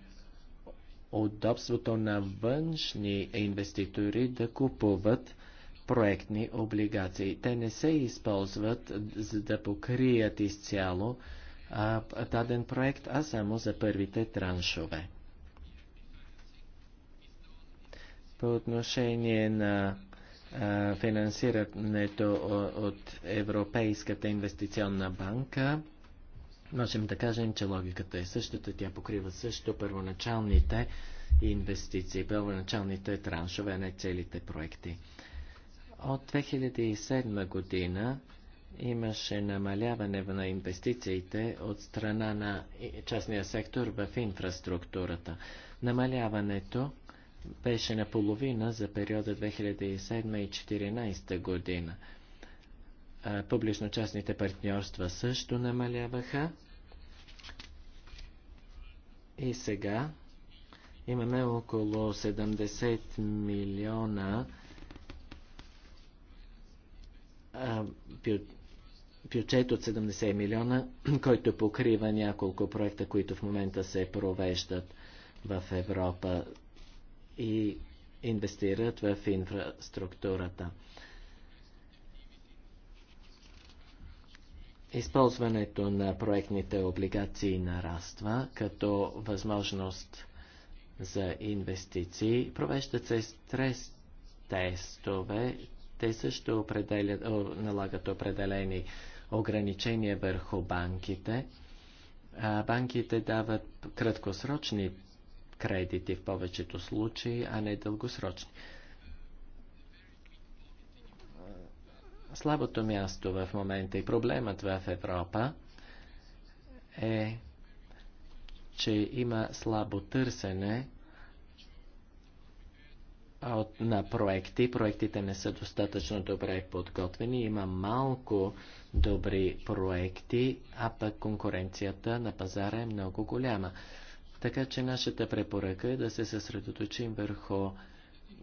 удобството на външни инвеститори да купуват проектни облигации. Те не се използват за да покрият изцяло а, даден проект, а само за първите траншове. По отношение на финансирането от Европейската инвестиционна банка. Можем да кажем, че логиката е същата. Тя покрива също първоначалните инвестиции, първоначалните траншове на целите проекти. От 2007 година имаше намаляване на инвестициите от страна на частния сектор в инфраструктурата. Намаляването беше наполовина за периода 2007 и 2014 година. Публично-частните партньорства също намаляваха. И сега имаме около 70 милиона бюджет от 70 милиона, който покрива няколко проекта, които в момента се провеждат в Европа и инвестират в инфраструктурата. Използването на проектните облигации нараства като възможност за инвестиции. Провеждат се стрес тестове. Те също определят, о, налагат определени ограничения върху банките. А банките дават краткосрочни кредити в повечето случаи, а не дългосрочни. Слабото място в момента и проблемът в Европа е, че има слабо търсене от, на проекти. Проектите не са достатъчно добре подготвени. Има малко добри проекти, а пък конкуренцията на пазара е много голяма. Така че нашата препоръка е да се съсредоточим върху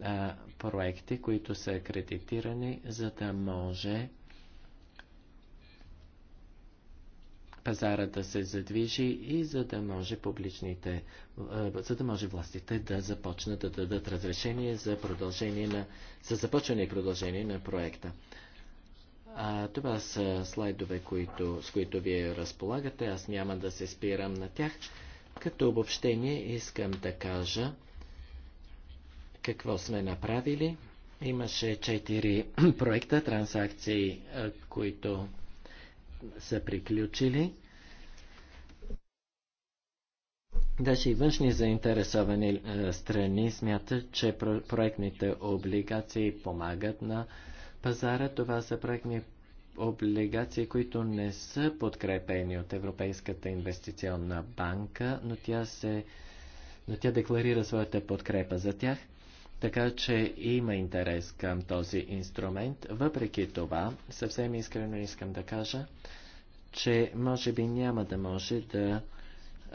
а, проекти, които са акредитирани, за да може пазара да се задвижи и за да може публичните, за да може властите да започнат да дадат разрешение за, продължение на, за започване и продължение на проекта. А, това са слайдове, които, с които вие разполагате. Аз няма да се спирам на тях. Като обобщение искам да кажа какво сме направили. Имаше четири проекта, транзакции, които са приключили. Даже и външни заинтересовани страни смятат, че проектните облигации помагат на пазара. Това са проектни облигации, които не са подкрепени от Европейската инвестиционна банка, но тя, се, но тя декларира своята подкрепа за тях, така че има интерес към този инструмент. Въпреки това, съвсем искрено искам да кажа, че може би няма да може да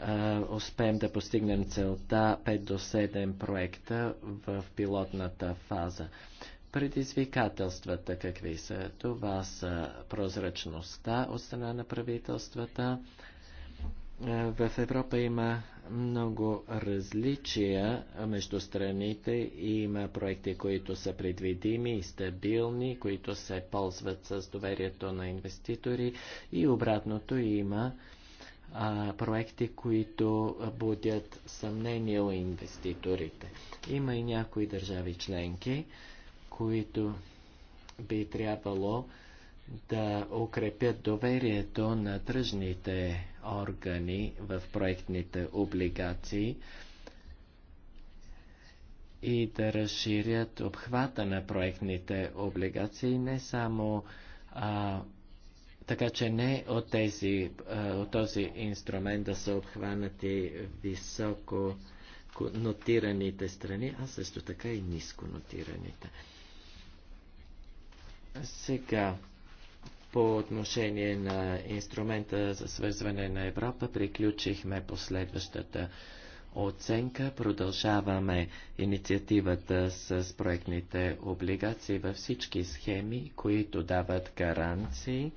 а, успеем да постигнем целта 5 до 7 проекта в пилотната фаза. Предизвикателствата какви са? Това са прозрачността от страна на правителствата. Е, в Европа има много различия между страните. и Има проекти, които са предвидими и стабилни, които се ползват с доверието на инвеститори и обратното има а, проекти, които будят съмнение у инвеститорите. Има и някои държави членки, които би трябвало да укрепят доверието на тръжните органи в проектните облигации и да разширят обхвата на проектните облигации не само а, така че не от, тези, от този инструмент да са обхванати високо нотираните страни, а също така и ниско нотираните. Сега, по отношение на инструмента за свързване на Европа, приключихме последващата оценка. Продължаваме инициативата с проектните облигации във всички схеми, които дават гаранции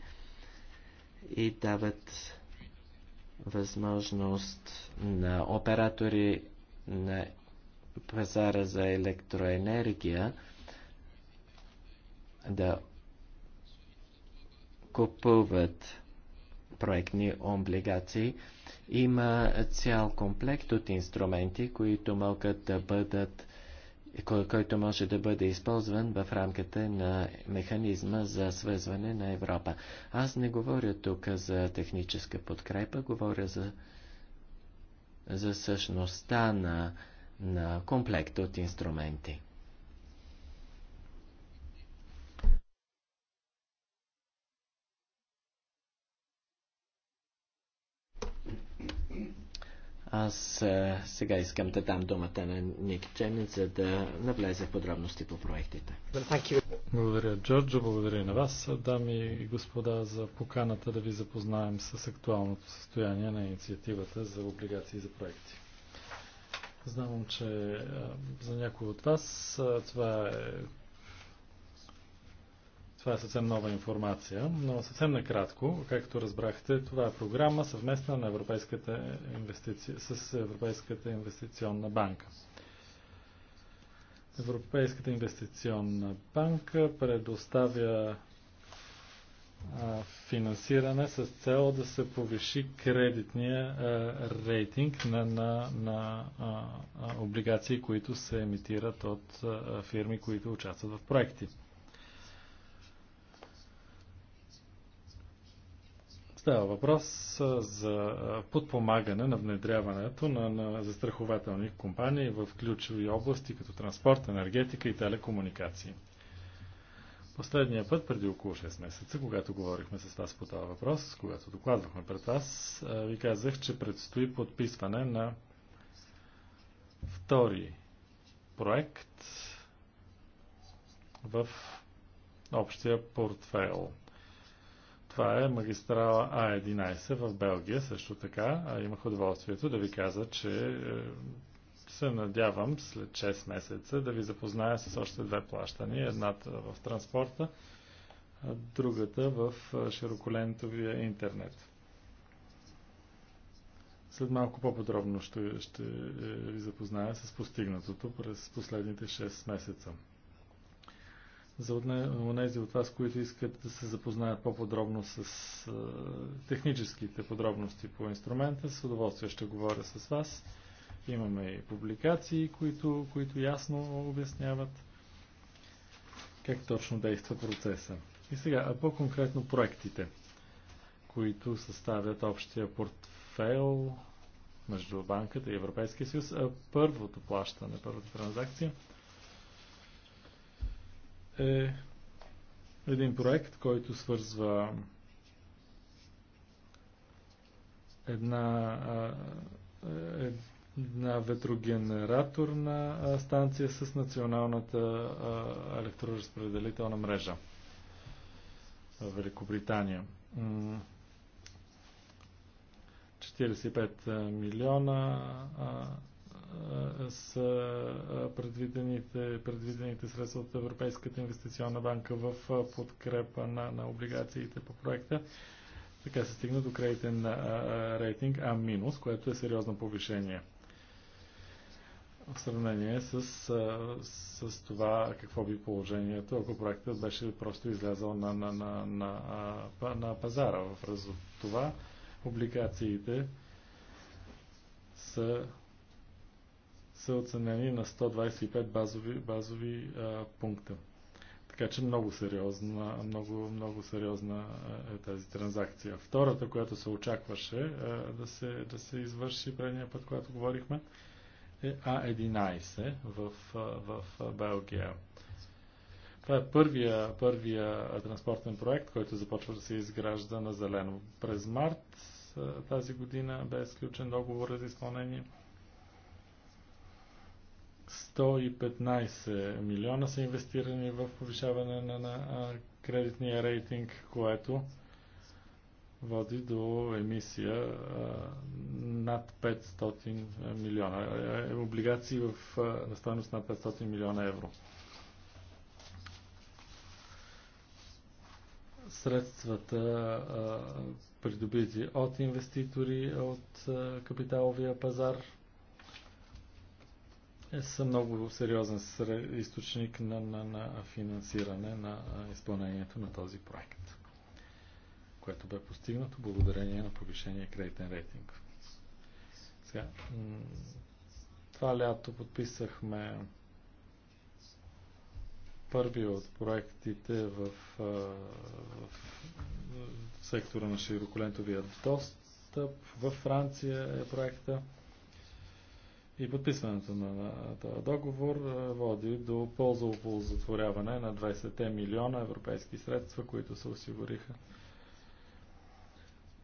и дават възможност на оператори на пазара за електроенергия да купуват проектни облигации. Има цял комплект от инструменти, които могат да бъдат който може да бъде използван в рамките на механизма за свързване на Европа. Аз не говоря тук за техническа подкрепа, говоря за, за същността на, на комплекта от инструменти. Аз а, сега искам да дам думата на Ник Чемин, за да навлезе в подробности по проектите. Благодаря, Джорджо. Благодаря и на вас, дами и господа, за поканата да ви запознаем с актуалното състояние на инициативата за облигации за проекти. Знам, че за някои от вас това е това е съвсем нова информация, но съвсем накратко, както разбрахте, това е програма съвместна на Европейската инвестиция, с Европейската инвестиционна банка. Европейската инвестиционна банка предоставя финансиране с цел да се повиши кредитния рейтинг на, на, на облигации, които се емитират от фирми, които участват в проекти. Става въпрос за подпомагане на внедряването на, на застрахователни компании в ключови области като транспорт, енергетика и телекомуникации. Последния път, преди около 6 месеца, когато говорихме с вас по този въпрос, когато докладвахме пред вас, ви казах, че предстои подписване на втори проект в общия портфейл това е магистрала А11 в Белгия също така. Имах удоволствието да ви кажа, че е, се надявам след 6 месеца да ви запозная с още две плащания. Едната в транспорта, а другата в е, широколентовия интернет. След малко по-подробно ще, ще е, ви запозная с постигнатото през последните 6 месеца за онези от вас, които искат да се запознаят по-подробно с техническите подробности по инструмента, с удоволствие ще говоря с вас. Имаме и публикации, които, които ясно обясняват как точно действа процеса. И сега, а по-конкретно проектите, които съставят общия портфейл между банката и Европейския съюз. Първото плащане, първата транзакция – е един проект, който свързва една, е, една ветрогенераторна станция с националната електроразпределителна мрежа в Великобритания. 45 милиона са предвидените, предвидените средства от Европейската инвестиционна банка в подкрепа на, на облигациите по проекта. Така се стигна до кредитен рейтинг А-, което е сериозно повишение в сравнение с, с, с това какво би положението, ако проектът беше просто излязъл на, на, на, на, на пазара. В резултат това облигациите са са оценени на 125 базови, базови а, пункта. Така че много сериозна, много, много сериозна е, е тази транзакция. Втората, която се очакваше а, е, да се, да се извърши предния път, когато говорихме, е А11 в, в Белгия. Това е първия, първия транспортен проект, който започва да се изгражда на зелено. През март тази година бе изключен договор за изпълнение 115 милиона са инвестирани в повишаване на, на кредитния рейтинг, което води до емисия а, над 500 милиона. Е, е, е, облигации в, а, на стоеност 500 милиона евро. Средствата, а, придобити от инвеститори от а, капиталовия пазар, са много сериозен източник на, на, на финансиране на изпълнението на този проект, което бе постигнато благодарение на повишения кредитен рейтинг. Сега, това лято подписахме първи от проектите в, в, в сектора на широколентовия достъп. В Франция е проекта. И подписването на този договор води до полза оползотворяване на 20 милиона европейски средства, които се осигуриха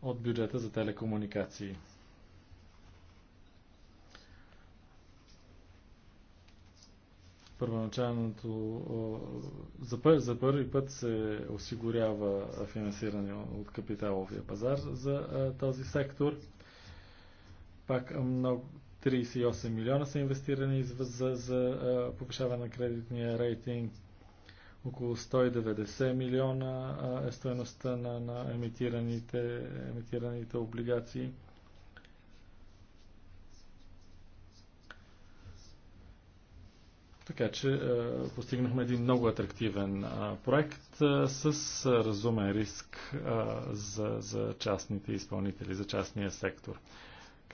от бюджета за телекомуникации. първоначалното за, пър, за първи път се осигурява финансиране от капиталовия пазар за този сектор. Пак много, 38 милиона са инвестирани за, за, за повишаване на кредитния рейтинг. Около 190 милиона е стоеността на, на емитираните, емитираните облигации. Така че постигнахме един много атрактивен проект с разумен риск за, за частните изпълнители, за частния сектор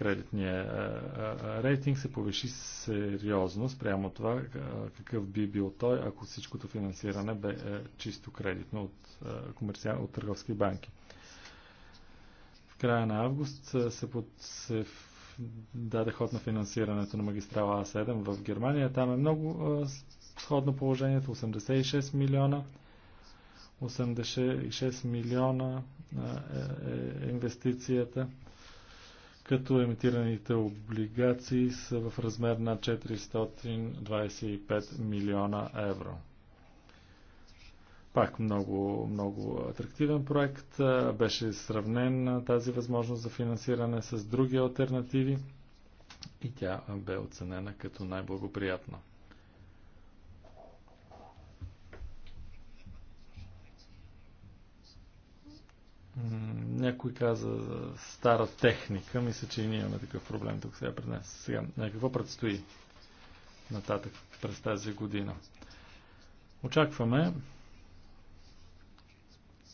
кредитния е, е, рейтинг се повиши сериозно спрямо това е, какъв би бил той, ако всичкото финансиране бе чисто кредитно от, комерциал, от търговски банки. В края на август се, под, се даде ход на финансирането на магистрала А7 в Германия. Там е много сходно положението 86 милиона 86 милиона е инвестицията като емитираните облигации са в размер на 425 милиона евро. Пак много, много атрактивен проект. Беше сравнен тази възможност за финансиране с други альтернативи и тя бе оценена като най-благоприятна. Някой каза за стара техника. Мисля, че и ние имаме такъв проблем тук сега пред нас. Сега, какво предстои нататък през тази година? Очакваме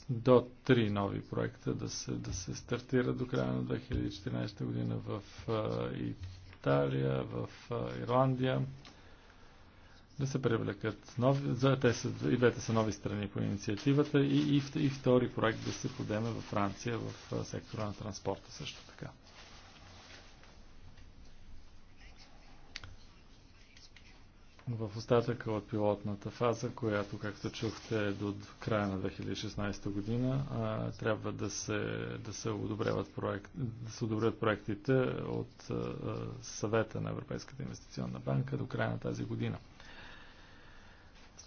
до три нови проекта да се, да се стартира до края на 2014 година в Италия, в Ирландия, да се привлекат нови, за, те са, и двете са нови страни по инициативата и, и, и втори проект да се подеме във Франция в сектора на транспорта също така. в остатъка от пилотната фаза, която, както чухте, е до края на 2016 година трябва да се, да се, одобряват проект, да се одобрят проектите от съвета на Европейската инвестиционна банка до края на тази година.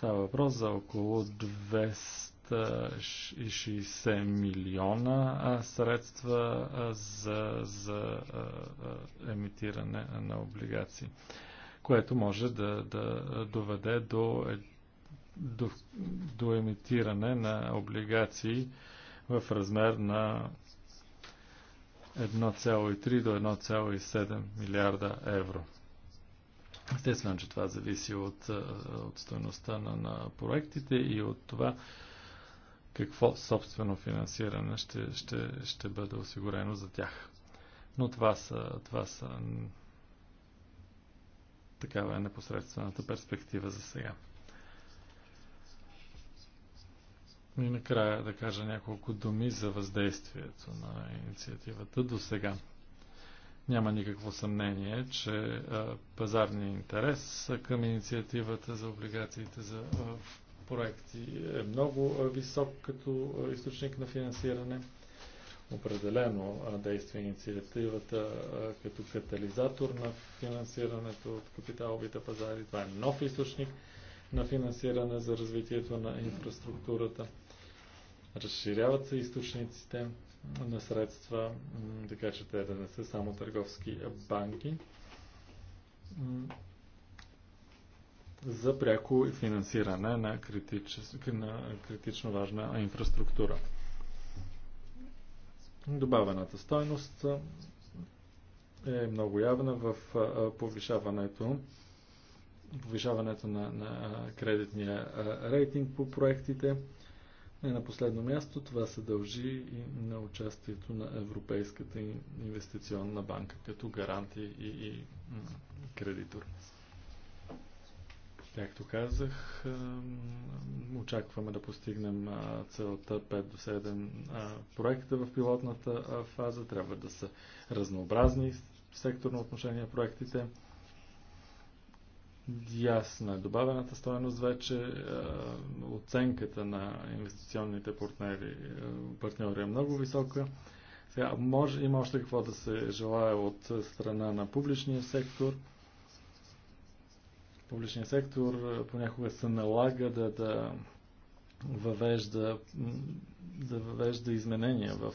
Става въпрос за около 260 милиона средства за, за емитиране на облигации, което може да, да доведе до, е, до, до емитиране на облигации в размер на 1,3 до 1,7 милиарда евро. Естествено, че това зависи от, от стоеността на, на проектите и от това какво собствено финансиране ще, ще, ще бъде осигурено за тях. Но това са, това са такава е непосредствената перспектива за сега. И накрая да кажа няколко думи за въздействието на инициативата до сега. Няма никакво съмнение, че пазарния интерес към инициативата за облигациите за проекти е много висок като източник на финансиране. Определено действа инициативата като катализатор на финансирането от капиталовите пазари. Това е нов източник на финансиране за развитието на инфраструктурата. Разширяват се източниците на средства, така че те да не са само търговски банки за пряко финансиране на, критичес... на критично важна инфраструктура. Добавената стойност е много явна в повишаването повишаването на, на кредитния рейтинг по проектите не на последно място това се дължи и на участието на Европейската инвестиционна банка като гарант и, и, и кредитор. Както казах, очакваме да постигнем целта 5 до 7 проекта в пилотната фаза. Трябва да са разнообразни секторно отношение проектите. Ясно е. Добавената стоеност вече е, оценката на инвестиционните партнери, е, партньори е много висока. Сега, може, има още какво да се желая от страна на публичния сектор. Публичният сектор е, понякога се налага да, да въвежда, да въвежда изменения в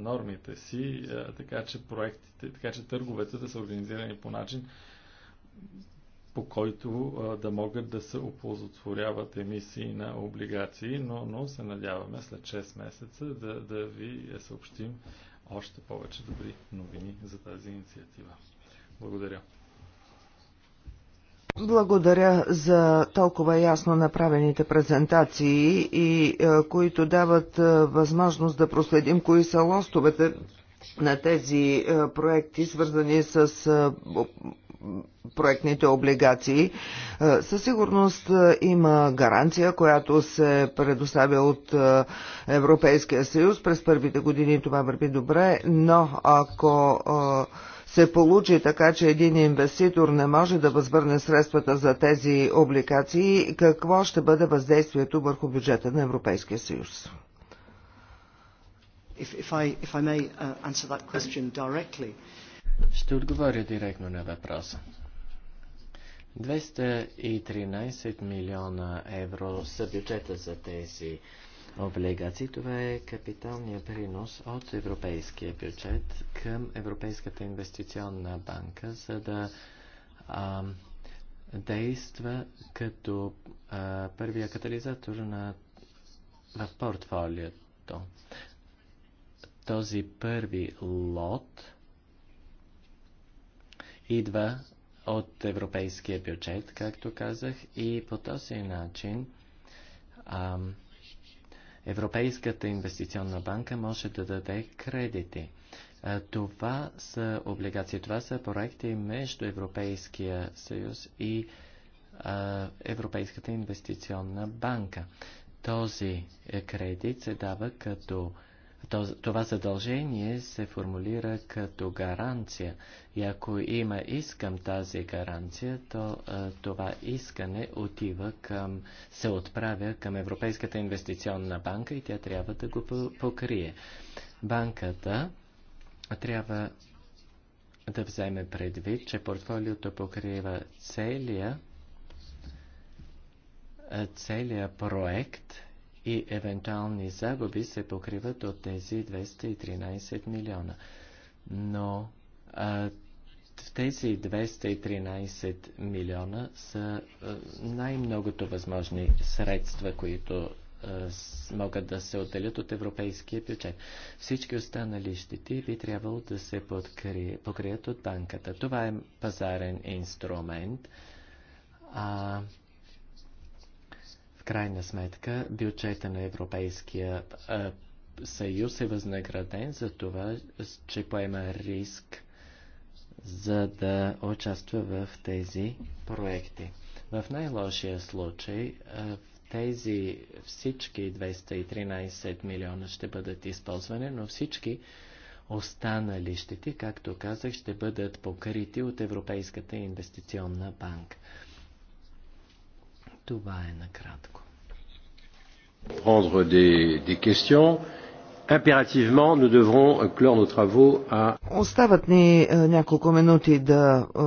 нормите си, така че проектите, така че търговете да са организирани по начин, по който а, да могат да се оползотворяват емисии на облигации, но, но се надяваме след 6 месеца да, да ви съобщим още повече добри новини за тази инициатива. Благодаря. Благодаря за толкова ясно направените презентации и които дават възможност да проследим кои са лостовете на тези проекти, свързани с проектните облигации. Е, със сигурност е, има гаранция, която се предоставя от е, Европейския съюз. През първите години това върви добре, но ако се получи така, че един инвеститор не може да възвърне средствата за тези обликации, какво ще бъде въздействието върху бюджета на Европейския съюз? If, if I, if I may, uh, ще отговоря директно на въпроса. 213 милиона евро са бюджета за тези облигации. Това е капиталният принос от европейския бюджет към Европейската инвестиционна банка, за да а, действа като а, първия катализатор на, в портфолиото. Този първи лот идва от европейския бюджет, както казах, и по този начин а, Европейската инвестиционна банка може да даде кредити. А, това са облигации, това са проекти между Европейския съюз и а, Европейската инвестиционна банка. Този е, кредит се дава като а, това задължение се формулира като гаранция и ако има искам тази гаранция, то това искане отива към, се отправя към Европейската инвестиционна банка и тя трябва да го покрие. Банката трябва да вземе предвид, че портфолиото покрива целия, целия проект – и евентуални загуби се покриват от тези 213 милиона. Но а, в тези 213 милиона са най-многото възможни средства, които а, могат да се отделят от европейския бюджет. Всички останали щети би трябвало да се подкри... покрият от банката. Това е пазарен инструмент. А, крайна сметка, бюджета на Европейския съюз е възнаграден за това, че поема риск за да участва в тези проекти. В най-лошия случай в тези всички 213 милиона ще бъдат използвани, но всички останали щети, както казах, ще бъдат покрити от Европейската инвестиционна банка. Това е накратко. Остават ни е, няколко минути да е,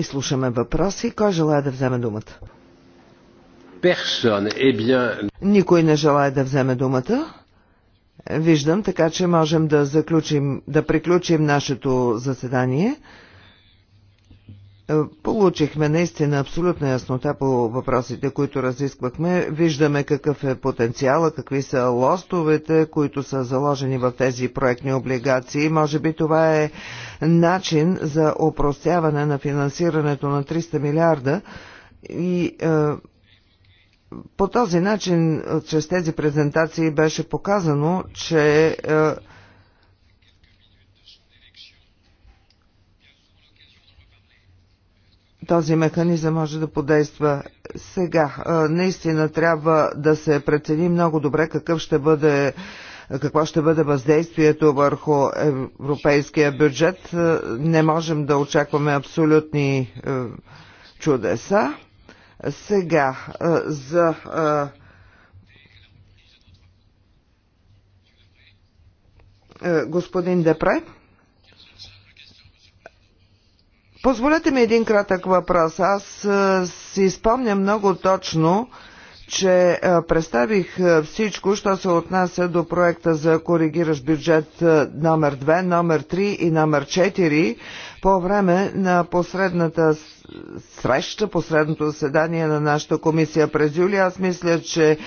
изслушаме въпроси. Кой желая да вземе думата? Eh Никой не желая да вземе думата. Виждам, така че можем да заключим, да приключим нашето заседание. Е, получихме наистина абсолютна яснота по въпросите, които разисквахме. Виждаме какъв е потенциала, какви са лостовете, които са заложени в тези проектни облигации. Може би това е начин за опростяване на финансирането на 300 милиарда и е, по този начин, е, чрез тези презентации беше показано, че е, този механизъм може да подейства сега. Наистина трябва да се прецени много добре какъв ще бъде какво ще бъде въздействието върху европейския бюджет. Не можем да очакваме абсолютни чудеса. Сега за господин Депре. Позволете ми един кратък въпрос. Аз е, си спомня много точно, че е, представих е, всичко, що се отнася до проекта за коригираш бюджет номер 2, номер 3 и номер 4 по време на посредната среща, посредното заседание на нашата комисия през юли, аз мисля, че е,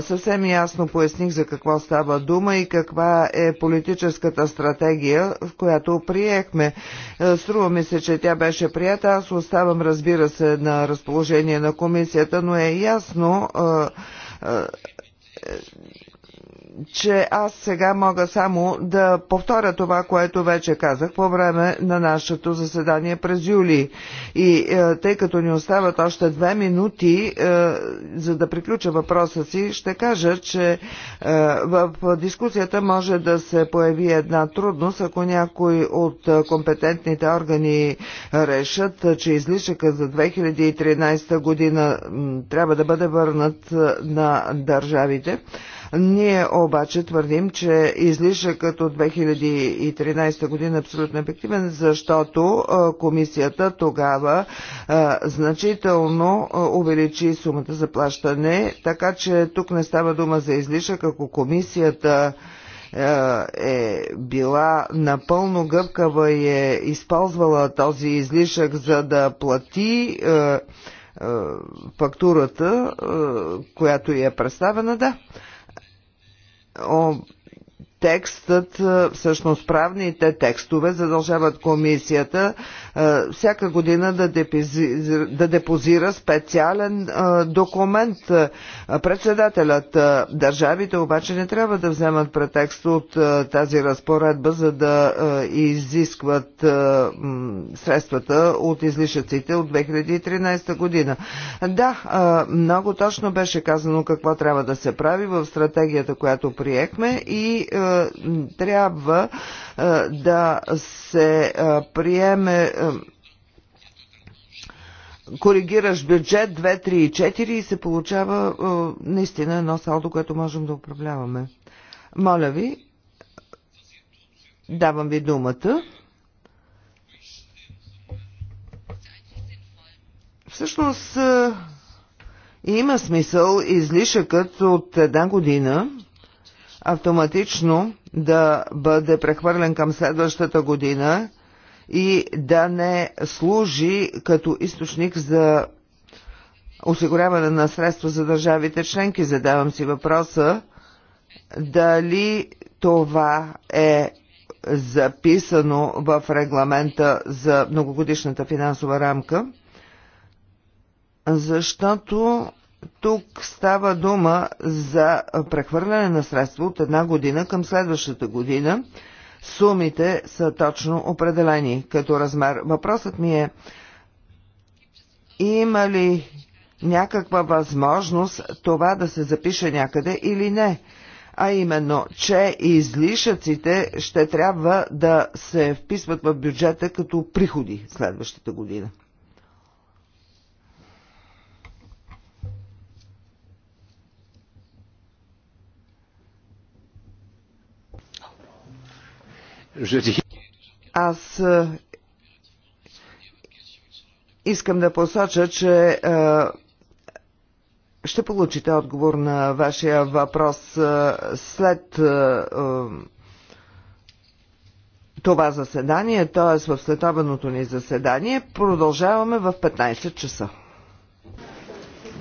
съвсем ясно поясних за какво става дума и каква е политическата стратегия, в която приехме. Е, струва ми се, че тя беше прията. Аз оставам, разбира се, на разположение на комисията, но е ясно е, че аз сега мога само да повторя това, което вече казах по време на нашето заседание през юли. И е, тъй като ни остават още две минути, е, за да приключа въпроса си, ще кажа, че е, в дискусията може да се появи една трудност, ако някой от компетентните органи решат, че излишъка за 2013 година трябва да бъде върнат е, на държавите. Ние обаче твърдим, че излишъкът от 2013 година е абсолютно ефективен, защото комисията тогава значително увеличи сумата за плащане, така че тук не става дума за излишък, ако комисията е била напълно гъвкава и е използвала този излишък за да плати е, е, фактурата, е, която й е представена, да текстът, всъщност правните текстове задължават комисията е, всяка година да, депозира, да депозира специален е, документ. Е, председателят държавите обаче не трябва да вземат претекст от тази разпоредба, за да изискват средствата от излишъците от 2013 година. Да, много точно беше казано какво трябва да се прави в стратегията, която приехме и трябва е, да се е, приеме е, коригираш бюджет 2, 3 и 4 и се получава наистина едно салдо, което можем да управляваме. Моля ви, давам ви думата. Всъщност има смисъл излишъкът от една година автоматично да бъде прехвърлен към следващата година и да не служи като източник за осигуряване на средства за държавите членки. Задавам си въпроса дали това е записано в регламента за многогодишната финансова рамка, защото тук става дума за прехвърляне на средства от една година към следващата година. Сумите са точно определени като размер. Въпросът ми е, има ли някаква възможност това да се запише някъде или не? а именно, че излишъците ще трябва да се вписват в бюджета като приходи следващата година. Аз е, искам да посоча, че е, ще получите отговор на вашия въпрос е, след това заседание, т.е. в следобеното ни заседание. Продължаваме в 15 часа.